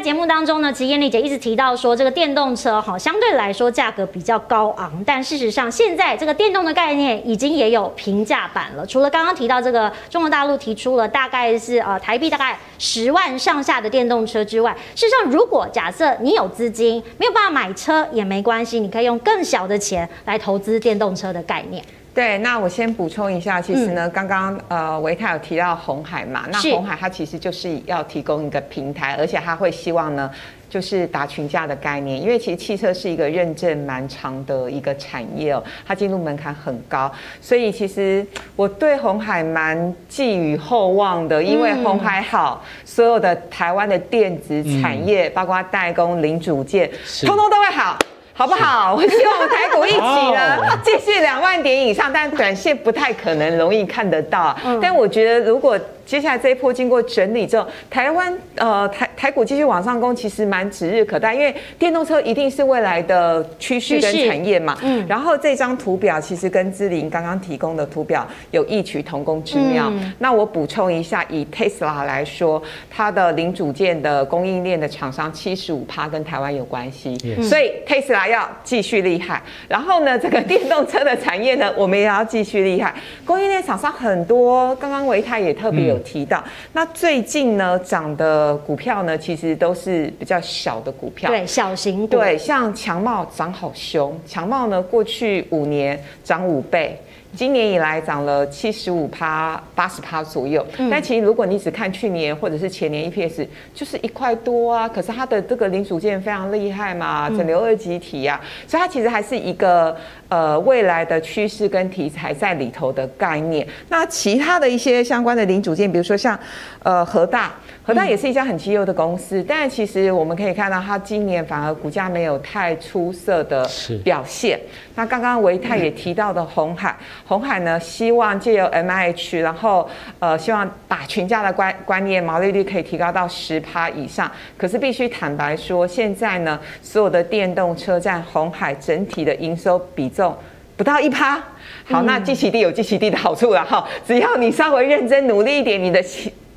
在節目當中呢，其實燕俐姐一直提到說，這個電動車哈相對來說價格比較高昂，但事實上現在這個電動的概念已經也有平價版了。除了剛剛提到這個中國大陸提出了大概是呃台幣大概十萬上下的電動車之外，事實上如果假設你有資金沒有辦法買車也沒關係，你可以用更小的錢來投資電動車的概念。對，那我先補充一下，其實呢，剛剛、嗯、呃唯泰有提到鴻海嘛，是那鴻海它其實就是要提供一個平台，而且它會希望呢，就是打群架的概念，因為其實汽車是一個認證蠻長的一個產業哦，它進入門檻很高，所以其實我對鴻海蠻寄予厚望的，因為鴻海好，所有的台灣的電子產業，嗯、包括代工、零組件，通通是都會好。好不好？是我希望我們台股一起呢，繼續兩萬點以上，但短線不太可能容易看得到。嗯、但我覺得如果。接下來這一波經過整理之後，台灣呃台台股繼續往上攻，其實蠻指日可待。因為電動車一定是未來的趨勢跟產業嘛。嗯。然後這張圖表其實跟姿麟剛剛提供的圖表有異曲同工之妙。嗯。那我補充一下，以 Tesla 來說，它的零組件的供應鏈的廠商七十五趴跟台灣有關係。嗯，所以 Tesla 要繼續厲害，然後呢，這個電動車的產業呢，我們也要繼續厲害。供應鏈廠商很多，剛剛唯泰也特別有提到。那最近呢漲的股票呢，其實都是比較小的股票，對，小型股。對，像強茂漲好凶，強茂呢過去五年漲五倍。今年以來漲了七十五趴、八十趴左右，嗯、但其實如果你只看去年或者是前年 EPS，就是一塊多啊。可是它的這個零組件非常厲害嘛，整流二極體呀、啊，嗯、所以它其實還是一個呃未來的趨勢跟題材在裡頭的概念。那其他的一些相關的零組件，比如說像呃和大，和大也是一家很績優的公司，嗯、但其實我們可以看到它今年反而股價沒有太出色的表現。那剛剛維泰也提到的鴻海，鴻、嗯、海呢，希望借由 M I H，然後呃，希望打群架的觀觀念，毛利率可以提高到十趴以上。可是必須坦白說，現在呢，所有的電動車在鴻海整體的營收比重不到一趴。好，嗯、那基期低有基期低的好處了哈，只要你稍微認真努力一點，你的。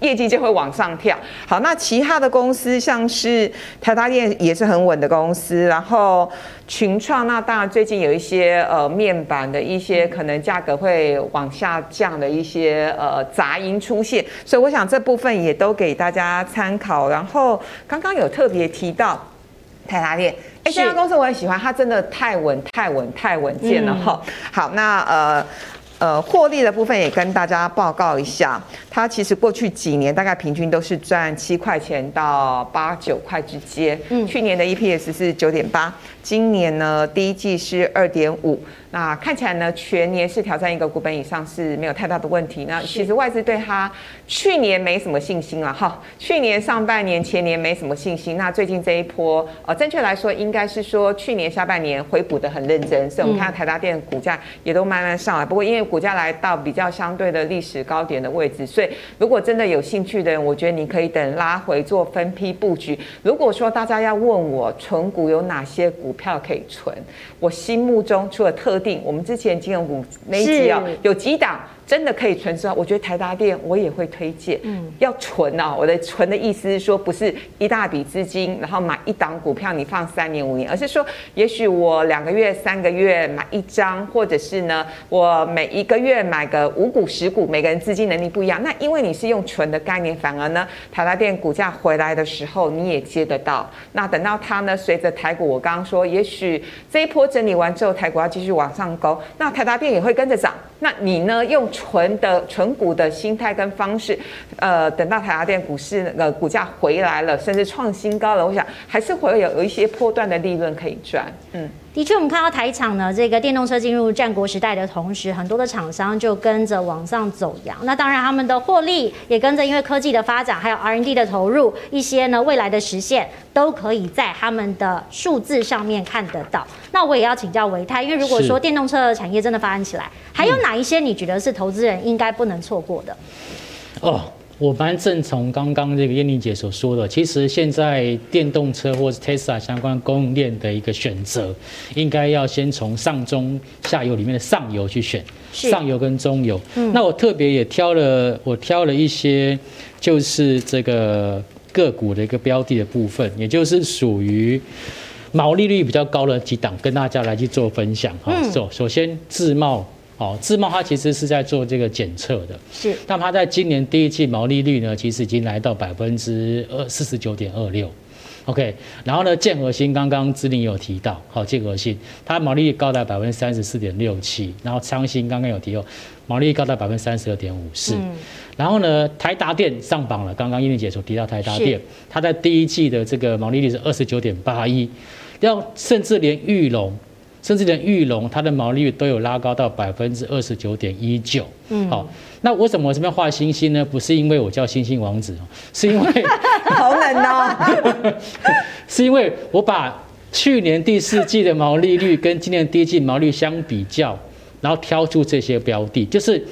業績就會往上跳。好，那其他的公司像是台達電也是很穩的公司，然後群創，那當然最近有一些呃面板、的一些可能價格會往下降的一些呃雜音出現，所以我想這部分也都給大家參考。然後剛剛有特別提到台達電，哎，是，這家、欸、公司我很喜歡，它真的太穩太穩太穩健了哈。嗯、好，那呃。呃，獲利的部分也跟大家報告一下，它其實過去幾年大概平均都是賺七塊錢到八九塊之間。嗯，去年的 EPS 是九點八。今年呢，第一季是二點五，那看起來呢，全年是挑戰一個股本以上是沒有太大的問題。那其實外資對它是去年沒什麼信心了、啊，哈，去年上半年、前年沒什麼信心。那最近這一波，呃，正確來說應該是說去年下半年回補的很認真，所以我們看到台達電的股價也都慢慢上來。不過因為股價來到比較相對的歷史高點的位置，所以如果真的有興趣的人，我覺得你可以等拉回做分批布局。如果說大家要問我存股有哪些股？股票可以存，我心目中除了特定，我們之前金融股那一集啊、喔，是有幾檔。真的可以存之後，我覺得台達電我也會推薦。嗯，要存啊、哦！我的存的意思是說，不是一大筆資金，然後買一檔股票你放三年五年，而是說，也許我兩個月、三個月買一張，或者是呢，我每一個月買個五股十股。每個人資金能力不一樣，那因為你是用存的概念，反而呢，台達電股價回來的時候你也接得到。那等到它呢，隨着台股，我剛剛說，也許這一波整理完之後，台股要繼續往上攻，那台達電也會跟着漲。那你呢？用存的存股的心態跟方式，呃，等到台達電股市那個、呃、股價回來了，甚至創新高了，我想還是會有有一些波段的利潤可以賺，嗯。的確，我們看到台廠呢，這個電動車進入戰國時代的同時，很多的廠商就跟着往上走揚。那當然，他們的獲利也跟着，因為科技的發展還有 R&D 的投入，一些呢未來的實現都可以在他們的數字上面看得到。那我也要請教唯泰，因為如果說電動車的產業真的發展起來，是還有哪一些你覺得是投資人應該不能錯過的？嗯、哦。我反正從剛剛這個燕俐姐所說的，其實現在電動車或是 Tesla 相關供應鏈的一個選擇，應該要先從上中下游裡面的上游去選，是上游跟中游。嗯、那我特別也挑了，我挑了一些，就是這個個股的一個標的的部分，也就是屬於毛利率比較高的幾檔，跟大家來去做分享哈。做、嗯、首先，自貿。好，致茂它其實是在做這個檢測的，是。那麼它在今年第一季毛利率呢，其實已經來到百分之二四十九點二六，OK。然後呢，健和興剛剛姿麟有提到，好、哦、健和興它毛利率高達百分之三十四點六七，然後昌興剛剛有提到，毛利率高達百分之三十二點五四。嗯、然後呢，台達電上榜了，剛剛燕俐姐所提到台達電，它是在第一季的這個毛利率是二十九點八一，要甚至連裕隆。甚至連裕隆，它的毛利率都有拉高到百分之二十九點一九。嗯，好、哦，那為什麼我這邊畫星星呢？不是因為我叫星星王子哦，是因為 好冷狠哦， 是因為我把去年第四季的毛利率跟今年第一季毛利率相比較，然後挑出這些標的，就是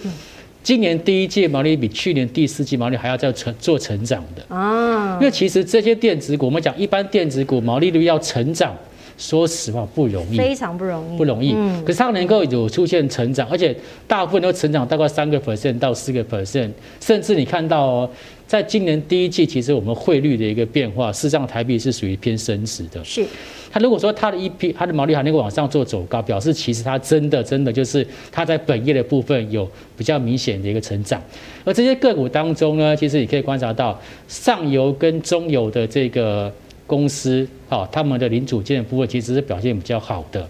今年第一季毛利率比去年第四季毛利率還要再成做成長的啊。哦、因為其實這些電子股，我們講一般電子股毛利率要成長。說實話不容易，非常不容易，不容易。嗯、可是它能夠有出現成長，而且大部分都成長大概三個 percent 到四個 percent，甚至你看到，在今年第一季，其實我們匯率的一個變化，事實上台幣是屬於偏升值的。是，它如果說它的一批它的毛利還能夠往上做走高，表示其實它真的真的就是它在本業的部分有比較明顯的一個成長。而這些個股當中呢，其實你可以觀察到上游跟中游的這個。公司哈，他們的零組件的部分其實是表現比較好的，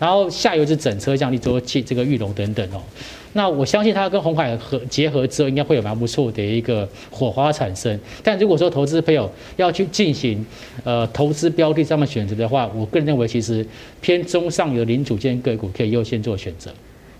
然後下游是整車，像立卓、汽這個裕隆等等哦。那我相信它跟鴻海合結合之後，應該會有蠻不錯的一個火花產生。但如果說投資朋友要去進行呃投資標的上面選擇的話，我個人認為其實偏中上游零組件個股可以優先做選擇。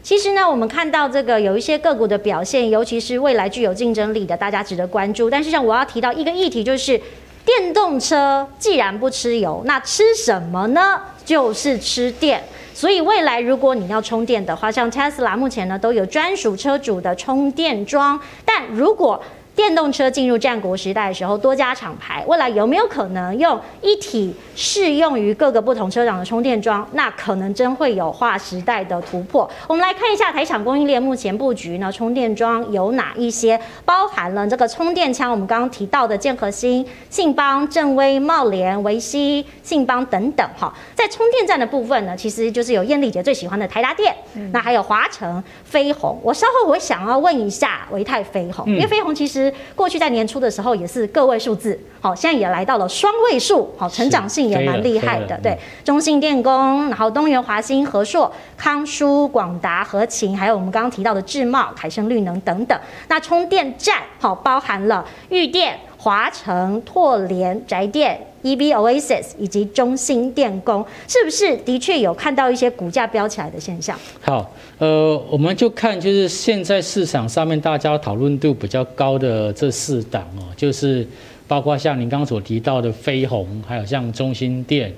其實呢，我們看到這個有一些個股的表現，尤其是未來具有競爭力的，大家值得關注。但是像我要提到一個議題就是。電動車既然不吃油，那吃什麼呢？就是吃電。所以未來如果你要充電的話，像特斯拉目前呢都有專屬車主的充電樁，但如果電動車進入戰國時代的時候，多家廠牌，未來有沒有可能用一體適用於各個不同車廠的充電樁？那可能真會有劃時代的突破。我們來看一下台廠供應鏈目前布局呢，充電樁有哪一些？包含了這個充電槍，我們剛剛提到的健和興、信邦、正崴、貿聯、維熹、信邦等等。哈，在充電站的部分呢，其實就是有燕俐姐最喜歡的台達電，那還有華城、飛宏。我稍後我想要問一下唯泰飛宏，因為飛宏其實。過去在年初的時候也是個位數字，好，現在也來到了雙位數，好，成長性也蠻厲害的。對，對，嗯、中信電工，然後東元、華興、和碩、康舒、廣達、和勤，還有我們剛剛提到的智茂、台盛、綠能等等。那充電站，好，包含了裕電、華城、拓聯、宅電。EV Oasis 以及中興電工，是不是的確有看到一些股價飆起來的現象？好，呃，我們就看就是現在市場上面大家討論度比較高的這四檔哦，就是包括像您剛所提到的飛宏，還有像中興電，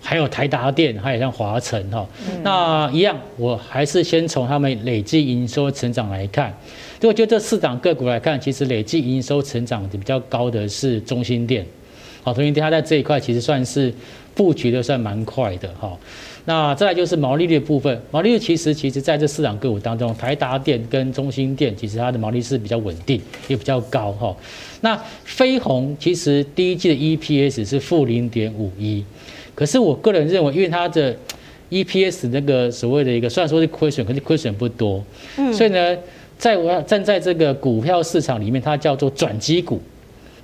還有台達電，還有像華城哈。嗯、那一樣，我還是先從他們累計營收成長來看，如果就這四檔個股來看，其實累計營收成長比較高的是中興電。好，同學他在這一塊其實算是布局的算蠻快的哈。那再來就是毛利率的部分，毛利率其實其實在這四檔個股當中，台達電跟中興電其實它的毛利率是比較穩定，也比較高哈。那飛鴻其實第一季的 EPS 是負零點五一，e、可是我個人認為，因為它的 EPS 那個所謂的一個雖然說是虧損，可是虧損不多，所以呢，在我站在這個股票市場裡面，它叫做轉機股。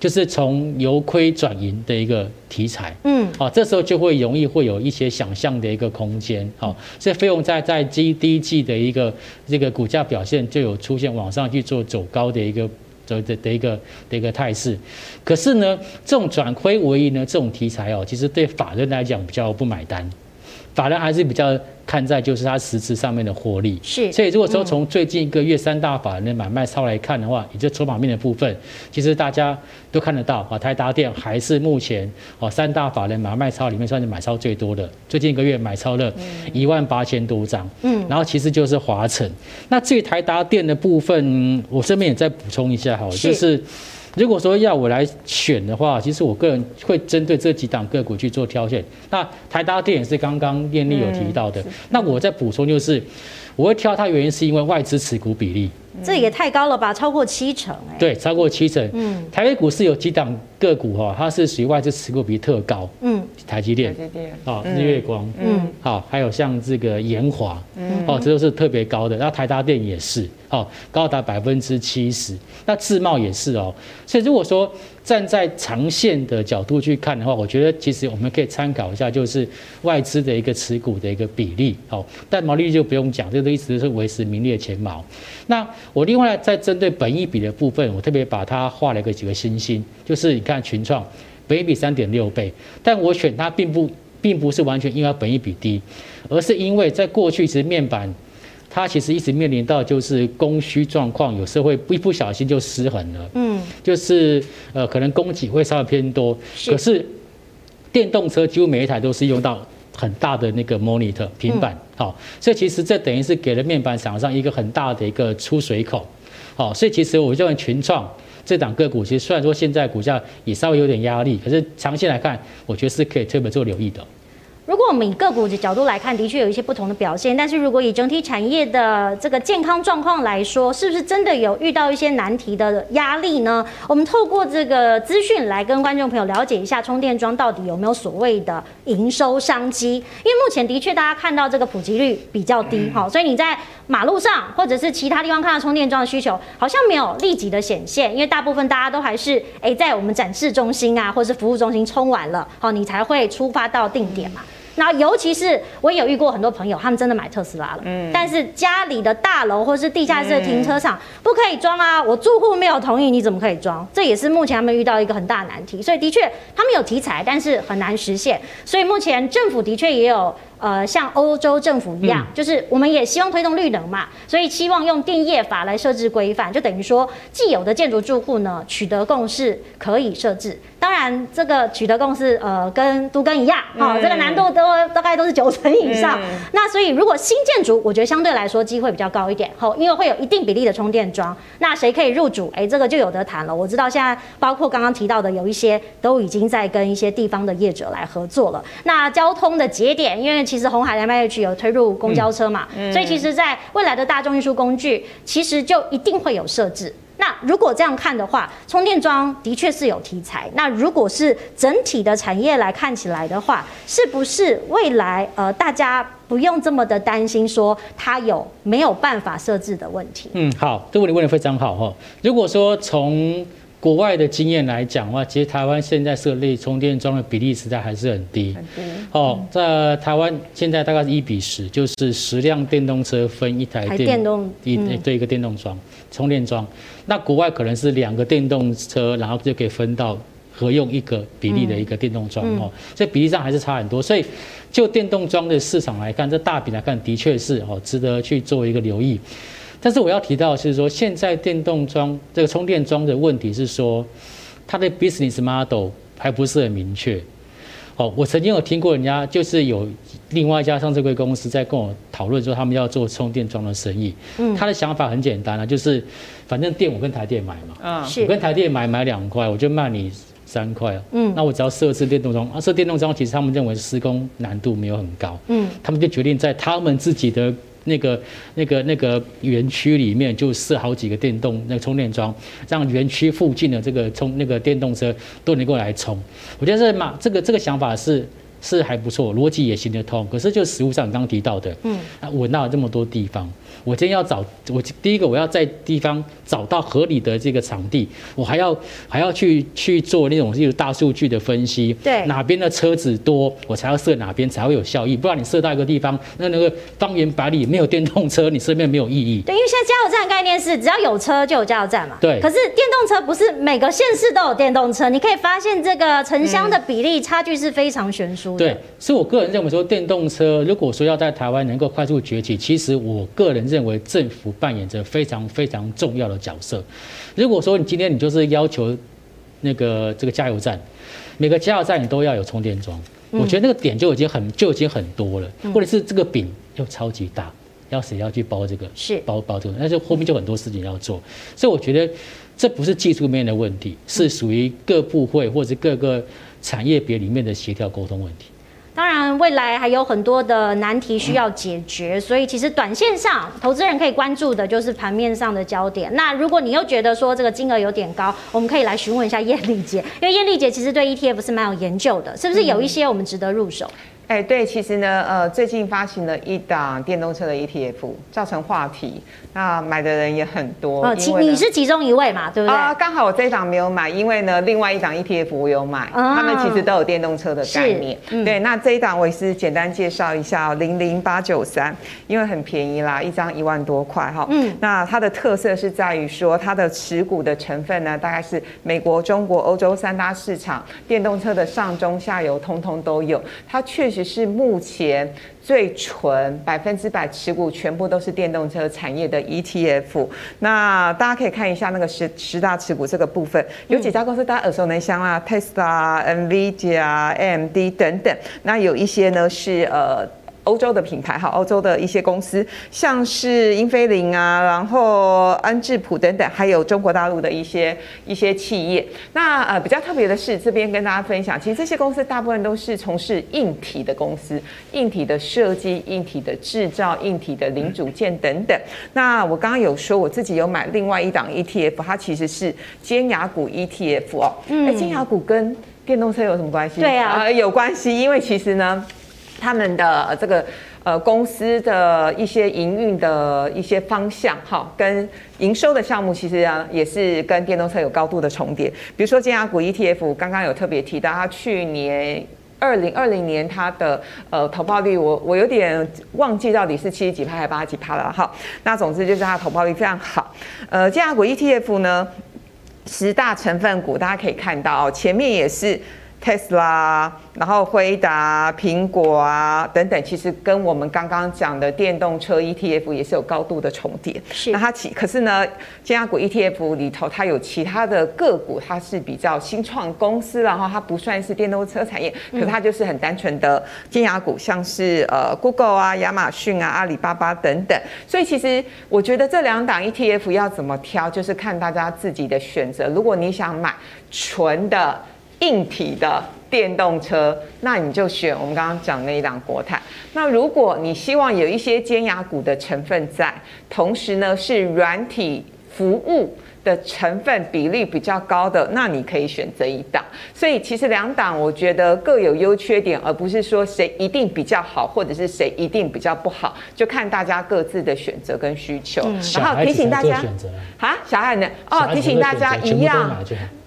就是從由虧轉盈的一個題材，嗯，嗯，好、哦，這時候就會容易會有一些想象的一個空間，好、哦，所以飛龍在在第一季的一個這個股價表現就有出現往上去做走高的一個走的的、的、的一個的一個態勢，可是呢，這種轉虧為盈呢，這種題材哦，其實對法人來講比較不買單。法人還是比較看在就是它實質上面的活力。是，所以如果說從最近一個月三大法人買賣超來看的話，也就籌碼面的部分，其實大家都看得到，哦，台達電還是目前哦三大法人買賣超裡面算是買超最多的，最近一個月買超了，一萬八千多張，嗯，然後其實就是華城。那這台達電的部分，我這邊也再補充一下，好，就是。如果說要我來選的話，其實我個人會針對這幾檔個股去做挑選。那台達電也是剛剛燕俐有提到的，嗯、的，那我再補充就是，我會挑它原因是因為外資持股比例，嗯、這也太高了吧，超過七成哎、欸。對，超過七成。嗯，台北股市有幾檔？個股哈、哦，它是屬於外資持股比特高，嗯，台積電，啊、哦，嗯、日月光，嗯，好、哦，還有像這個延華，嗯，哦，這都是特別高的，那台達電也是，哦，高達百分之七十，那智茂也是哦，所以如果說站在長線的角度去看的話，我覺得其實我們可以參考一下，就是外資的一個持股的一個比例，好、哦，但毛利率就不用講，這個一直是維持名列前茅。那我另外再針對本益比的部分，我特別把它畫了一個幾個星星，就是你看。看群創，本益比三點六倍，但我選它並不並不是完全因為它本益比低，而是因為在過去其實面板它其實一直面臨到就是供需狀況，有時候會一不,不小心就失衡了，嗯，就是呃可能供給會稍微偏多，是。可是電動車幾乎每一台都是用到很大的那個 monitor 平板，好、嗯哦，所以其實這等於是給了面板廠商一個很大的一個出水口，好、哦，所以其實我就看群創。這檔個股其實雖然說現在股價也稍微有點壓力，可是長期來看，我覺得是可以特別做留意的。如果我們以個股的角度來看，的確有一些不同的表現。但是如果以整體產業的這個健康狀況來說，是不是真的有遇到一些難題的壓力呢？我們透過這個資訊來跟觀眾朋友了解一下，充電樁到底有沒有所謂的營收商機？因為目前的確大家看到這個普及率比較低，好，所以你在馬路上或者是其他地方看到充電樁的需求，好像沒有立即的顯現。因為大部分大家都還是哎在我們展示中心啊，或者是服務中心充完了，好，你才會出發到定點嘛。那尤其是我也有遇過很多朋友，他們真的買特斯拉了。嗯，但是家裡的大樓或是地下室的停車場不可以裝啊，我住戶沒有同意，你怎麼可以裝？這也是目前他們遇到一個很大的難題，所以的確他們有題材，但是很難實現。所以目前政府的確也有。呃，像歐洲政府一樣，嗯、就是我們也希望推動綠能嘛，所以期望用電業法來設置規範，就等於說既有的建築住戶呢，取得共識可以設置。當然，這個取得共識呃跟都更一樣，好，這個難度都、欸、大概都是九成以上。欸、那所以如果新建築，我覺得相對來說機會比較高一點吼，因為會有一定比例的充電樁，那誰可以入主，哎、欸，這個就有得談了。我知道現在包括剛剛提到的有一些都已經在跟一些地方的業者來合作了。那交通的節點，因為其實鴻海 MH 有推入公交車嘛，嗯嗯、所以其實，在未來的大眾運輸工具，其實就一定會有設置。那如果這樣看的話，充電樁的確是有題材。那如果是整體的產業來看起來的話，是不是未來呃，大家不用這麼的擔心說它有沒有辦法設置的問題？嗯，好，這個問題問的非常好哈。如果說從國外的經驗來講的話，其實台灣現在設立充電樁的比例實在還是很低。嗯、哦，在台灣現在大概是一比十，就是十輛電動車分一台電，電動嗯、一對一個電動樁充電樁。那國外可能是兩個電動車，然後就可以分到合用一個比例的一個電動樁、嗯嗯、哦。這比例上還是差很多，所以就電動樁的市場來看，這大餅來看的確是哦，值得去做一個留意。但是我要提到，就是說現在電動樁這個充電樁的問題是說，它的 business model 還不是很明確。哦，我曾經有聽過人家就是有另外一家上市公司在跟我討論，說他們要做充電樁的生意。嗯。他的想法很簡單啊，就是反正電我跟台電買嘛，哦，我跟台電買買兩塊，我就賣你三塊。嗯。那我只要設置電動樁啊，設電動樁，其實他們認為施工難度沒有很高。嗯。他們就決定在他們自己的。那個、那個、那個園區裡面就設好幾個電動那個充電樁，讓園區附近的這個充那個電動車都能夠來充。我覺得這個嘛，這個這個想法是。是還不錯，邏輯也行得通。可是就實務上，你剛剛提到的，嗯，啊，我到這麼多地方，我今天要找我第一個我要在地方找到合理的這個場地，我還要還要去去做那種就是大數據的分析，對，哪邊的車子多，我才要設哪邊才會有效益。不然你設到一個地方，那那個方圓百里沒有電動車，你設那邊沒有意義。對，因為現在加油站的概念是只要有車就有加油站嘛。對。可是電動車不是每個縣市都有電動車，你可以發現這個城鄉的比例差距是非常懸殊的。嗯對，所以我個人認為說，電動車如果說要在台灣能夠快速崛起，其實我個人認為政府扮演着非常非常重要的角色。如果說你今天你就是要求那個這個加油站，每個加油站你都要有充電樁，我覺得那個點就已經很就已經很多了，或者是這個餅又超級大，要誰要去包這個？是包包這個，那就後面就很多事情要做。所以我覺得這不是技術面的問題，是屬於各部會或者各個。產業別裡面的協調溝通問題，當然未來還有很多的難題需要解決，嗯、所以其實短線上投資人可以關注的就是盤面上的焦點。那如果你又覺得說這個金額有點高，我們可以來詢問一下燕俐姐，因為燕俐姐其實對 ETF 是蠻有研究的，是不是有一些我們值得入手？嗯哎、欸，對，其實呢，呃，最近發行了一檔電動車的 ETF，造成話題，那、啊、買的人也很多。哦，你是其中一位嘛？對不對？啊，剛好我這一檔沒有買，因為呢，另外一檔 ETF 我有買，哦、他們其實都有電動車的概念。嗯、對，那這一檔我也是簡單介紹一下，零零八九三，因為很便宜啦，一張一萬多塊哈。嗯，那它的特色是在於說，它的持股的成分呢，大概是美國、中國、歐洲三大市場，電動車的上中下游通通都有，它確實。是目前最純百分之百持股，全部都是電動車產業的 ETF。那大家可以看一下那個十十大持股這個部分，有幾家公司大家耳熟能詳啊、嗯、Tesla NVIDIA、AMD 等等。那有一些呢是呃。歐洲的品牌哈，歐洲的一些公司，像是英飛凌啊，然後恩智浦等等，還有中國大陸的一些一些企業。那呃比較特別的是，這邊跟大家分享，其實這些公司大部分都是從事硬體的公司，硬體的設計、硬體的制造、硬體的零組件等等。那我剛剛有說我自己有買另外一檔 ETF，它其實是尖牙股 ETF 哦。嗯。尖牙股跟電動車有什麼關係？對呀。呃，有關係，因為其實呢。他們的這個呃公司的一些營運的一些方向哈、哦，跟營收的項目其實啊也是跟電動車有高度的重疊。比如說尖牙股 ETF，剛剛有特別提到，它去年二零二零年它的呃投報率，我我有點忘記到底是七十幾趴還是八十幾趴了哈。那總之就是它的投報率非常好。呃，尖牙股 ETF 呢十大成分股，大家可以看到、哦、前面也是。特斯拉，然後輝達、蘋果啊等等，其實跟我們剛剛講的電動車 ETF 也是有高度的重疊。是，那它其可是呢，尖牙股 ETF 裡頭，它有其他的個股，它是比較新創公司，然後它不算是電動車產業，可它就是很單純的尖牙股，嗯、像是呃 Google 啊、亞馬遜啊、阿里巴巴等等。所以其實我覺得這兩檔 ETF 要怎麼挑，就是看大家自己的選擇。如果你想買純的。硬體的電動車，那你就選我們剛剛講那一檔國泰。那如果你希望有一些尖牙股的成分在，同時呢是軟體服務的成分比例比較高的，那你可以選擇一檔。所以其實兩檔我覺得各有優缺點，而不是說誰一定比較好，或者是誰一定比較不好，就看大家各自的選擇跟需求。嗯、然後提醒大家，好，小孩子呢？哦，提醒大家一樣。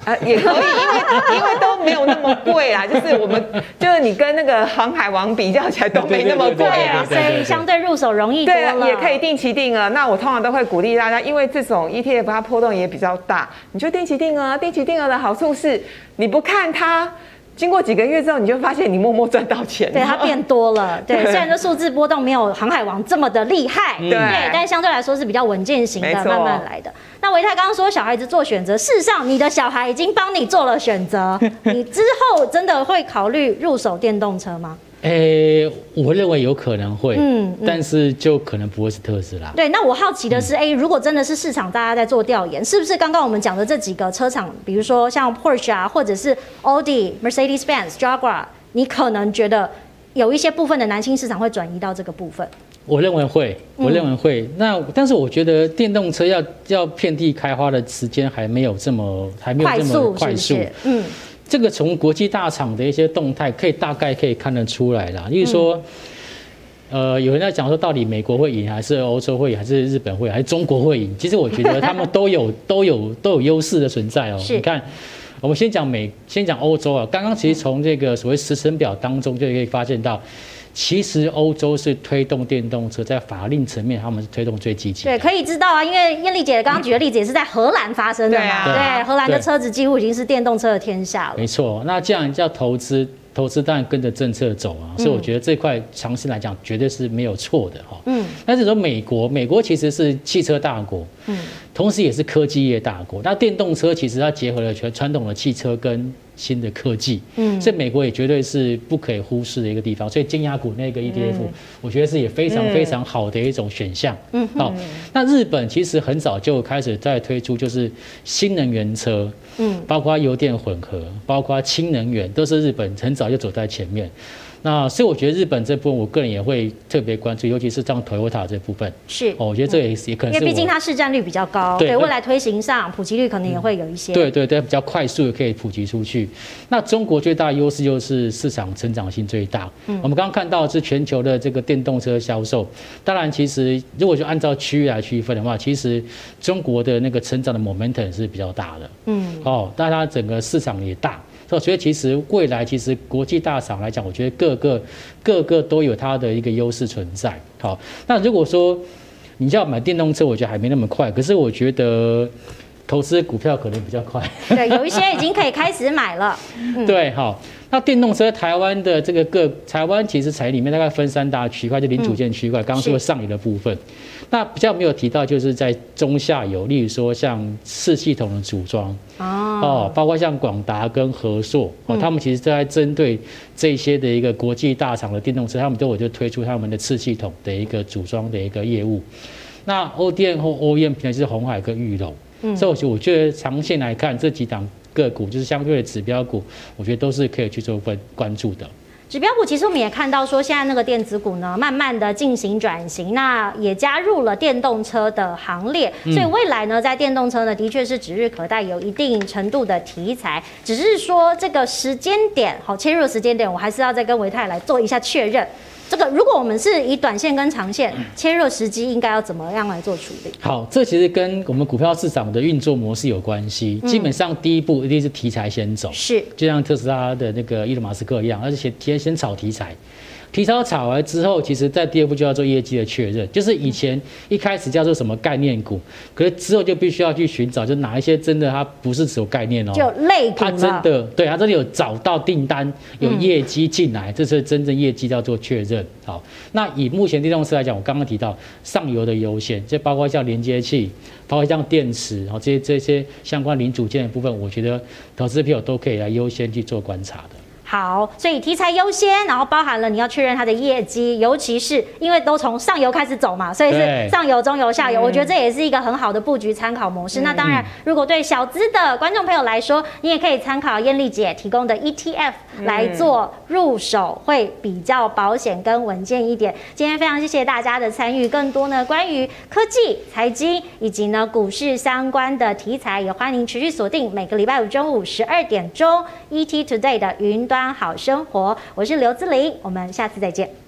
啊，也可以，因為因為都沒有那麼貴啊，就是我們就是你跟那個航海王比較起來都沒那麼貴，所以相對入手容易，對，也可以定期定額。那我通常都會鼓勵大家，因為這種 ETF 它波動也比較大，你就定期定額。定期定額的好處是，你不看它，經過幾個月之後，你就發現你默默賺到錢，對，它變多了。對，雖然說數字波動沒有航海王這麼的厲害，對，但相對來說是比較穩健型的，慢慢來的。那唯泰剛剛說小孩子做選擇，事實上你的小孩已經幫你做了選擇。你之後真的會考慮入手電動車嗎？誒、欸，我認為有可能會，嗯，嗯，但是就可能不會是特斯拉。對，那我好奇的是，誒、嗯欸，如果真的是市場大家在做調研，是不是剛剛我們講的這幾個車廠，比如說像 Porsche 啊，或者是 Audi Mercedes、Mercedes-Benz、Jaguar，你可能覺得有一些部分的男性市場會轉移到這個部分。我認為會，我認為會。嗯、那但是我覺得電動車要要遍地開花的時間還沒有這麼還沒有這麼快速，嗯。這個從國際大廠的一些動態可以大概可以看得出來啦。例如說，呃，有人在講說，到底美國會贏還是歐洲會贏，還是日本會贏，還是中國會贏？其實我覺得他們都有都有都有優勢的存在哦、喔。你看，我們先講美，先講歐洲啊。剛剛其實從這個所謂時程表當中就可以發現到。其實歐洲是推動電動車，在法令層面，他們是推動最積極。對，可以知道啊，因為燕俐姐剛剛舉的例子也是在荷蘭發生的嘛。嗯對，啊、對，荷蘭的車子幾乎已經是電動車的天下了。沒錯，那既然叫投資，嗯、投資當然跟着政策走啊。所以我覺得這塊長期來講，絕對是沒有錯的哈。嗯。但是說美國，美國其實是汽車大國。嗯。同時，也是科技業大國。那電動車其實它結合了全傳統的汽車跟新的科技，嗯，所以美國也絕對是不可以忽視的一個地方。所以金牙股那個 ETF，、嗯、我覺得是也非常非常好的一種選項。好、嗯哼哦，那日本其實很早就開始在推出就是新能源車，嗯，包括油電混合，包括氫能源，都是日本很早就走在前面。那所以我覺得日本這部分，我個人也會特別關注，尤其是像 Toyota 這部分是，是哦，我覺得這也是也可能是，因為畢竟它市占率比較高，對，對未來推行上普及率可能也會有一些，嗯，對對對，比較快速也可以普及出去。那中國最大的優勢就是市場成長性最大，嗯，我們剛剛看到是全球的這個電動車銷售，當然其實如果就按照區域來區分的話，其實中國的那個成長的 momentum 是比較大的，嗯，哦，但它整個市場也大。所以其實未來，其實國際大廠來講，我覺得各個各個都有它的一個優勢存在。好，那如果說你要買電動車，我覺得還沒那麼快，可是我覺得投資股票可能比較快。對，有一些已經可以開始買了。 嗯、對，好，那電動車台灣的這個個台灣其實產業裡面大概分三大區塊，就零組件區塊，剛剛、嗯、說上游的部分。那比較沒有提到，就是在中下游，例如說像次系統的組裝哦，啊、包括像廣達跟和碩哦，他們其實都在針對這些的一個國際大廠的電動車，嗯、他們都有就推出他們的次系統的一個組裝的一個業務。那 ODM 或 OEM 平台是鴻海跟裕隆，嗯、所以我覺得，我覺得長線來看，這幾檔個股就是相對的指標股，我覺得都是可以去做關關注的。指標股其實我們也看到，說現在那個電子股呢，慢慢的進行轉型，那也加入了電動車的行列。所以未來呢，在電動車呢，的確是指日可待，有一定程度的題材。只是說這個時間點，好，切入時間點，我還是要再跟唯泰來做一下確認。這個，如果我們是以短線跟長線切入時機，應該要怎麼樣來做處理？好，這其實跟我們股票市場的運作模式有關係。基本上，第一步一定是題材先走，是、嗯，就像特斯拉的那個伊隆馬斯克一樣，而且先先先炒題材。皮草炒完之後，其實，在第二步就要做業績的確認。就是以前一開始叫做什麼概念股，可是之後就必須要去尋找，就哪一些真的它不是只有概念哦，就類股它真的對它這裡有找到訂單，有業績進來，嗯、這是真正業績要做確認。好，那以目前電動車來講，我剛剛提到上游的優先，就包括像連接器，包括像電池，哦，這些這些相關零組件的部分，我覺得投資朋友都可以來優先去做觀察的。好，所以題材優先，然後包含了你要確認它的業績，尤其是因為都從上游開始走嘛，所以是上游、中游、下游，對我覺得這也是一個很好的布局參考模式。嗯、那當然，如果對小資的觀眾朋友來說，你也可以參考燕俐姐提供的 ETF 來做入手，會比較保險跟穩健一點。嗯、今天非常謝謝大家的參與，更多呢關於科技、財經以及呢股市相關的題材，也歡迎您持續鎖定每個禮拜五中午十二點鐘 ET Today 的雲端。安好生活，我是劉姿麟，我們下次再見。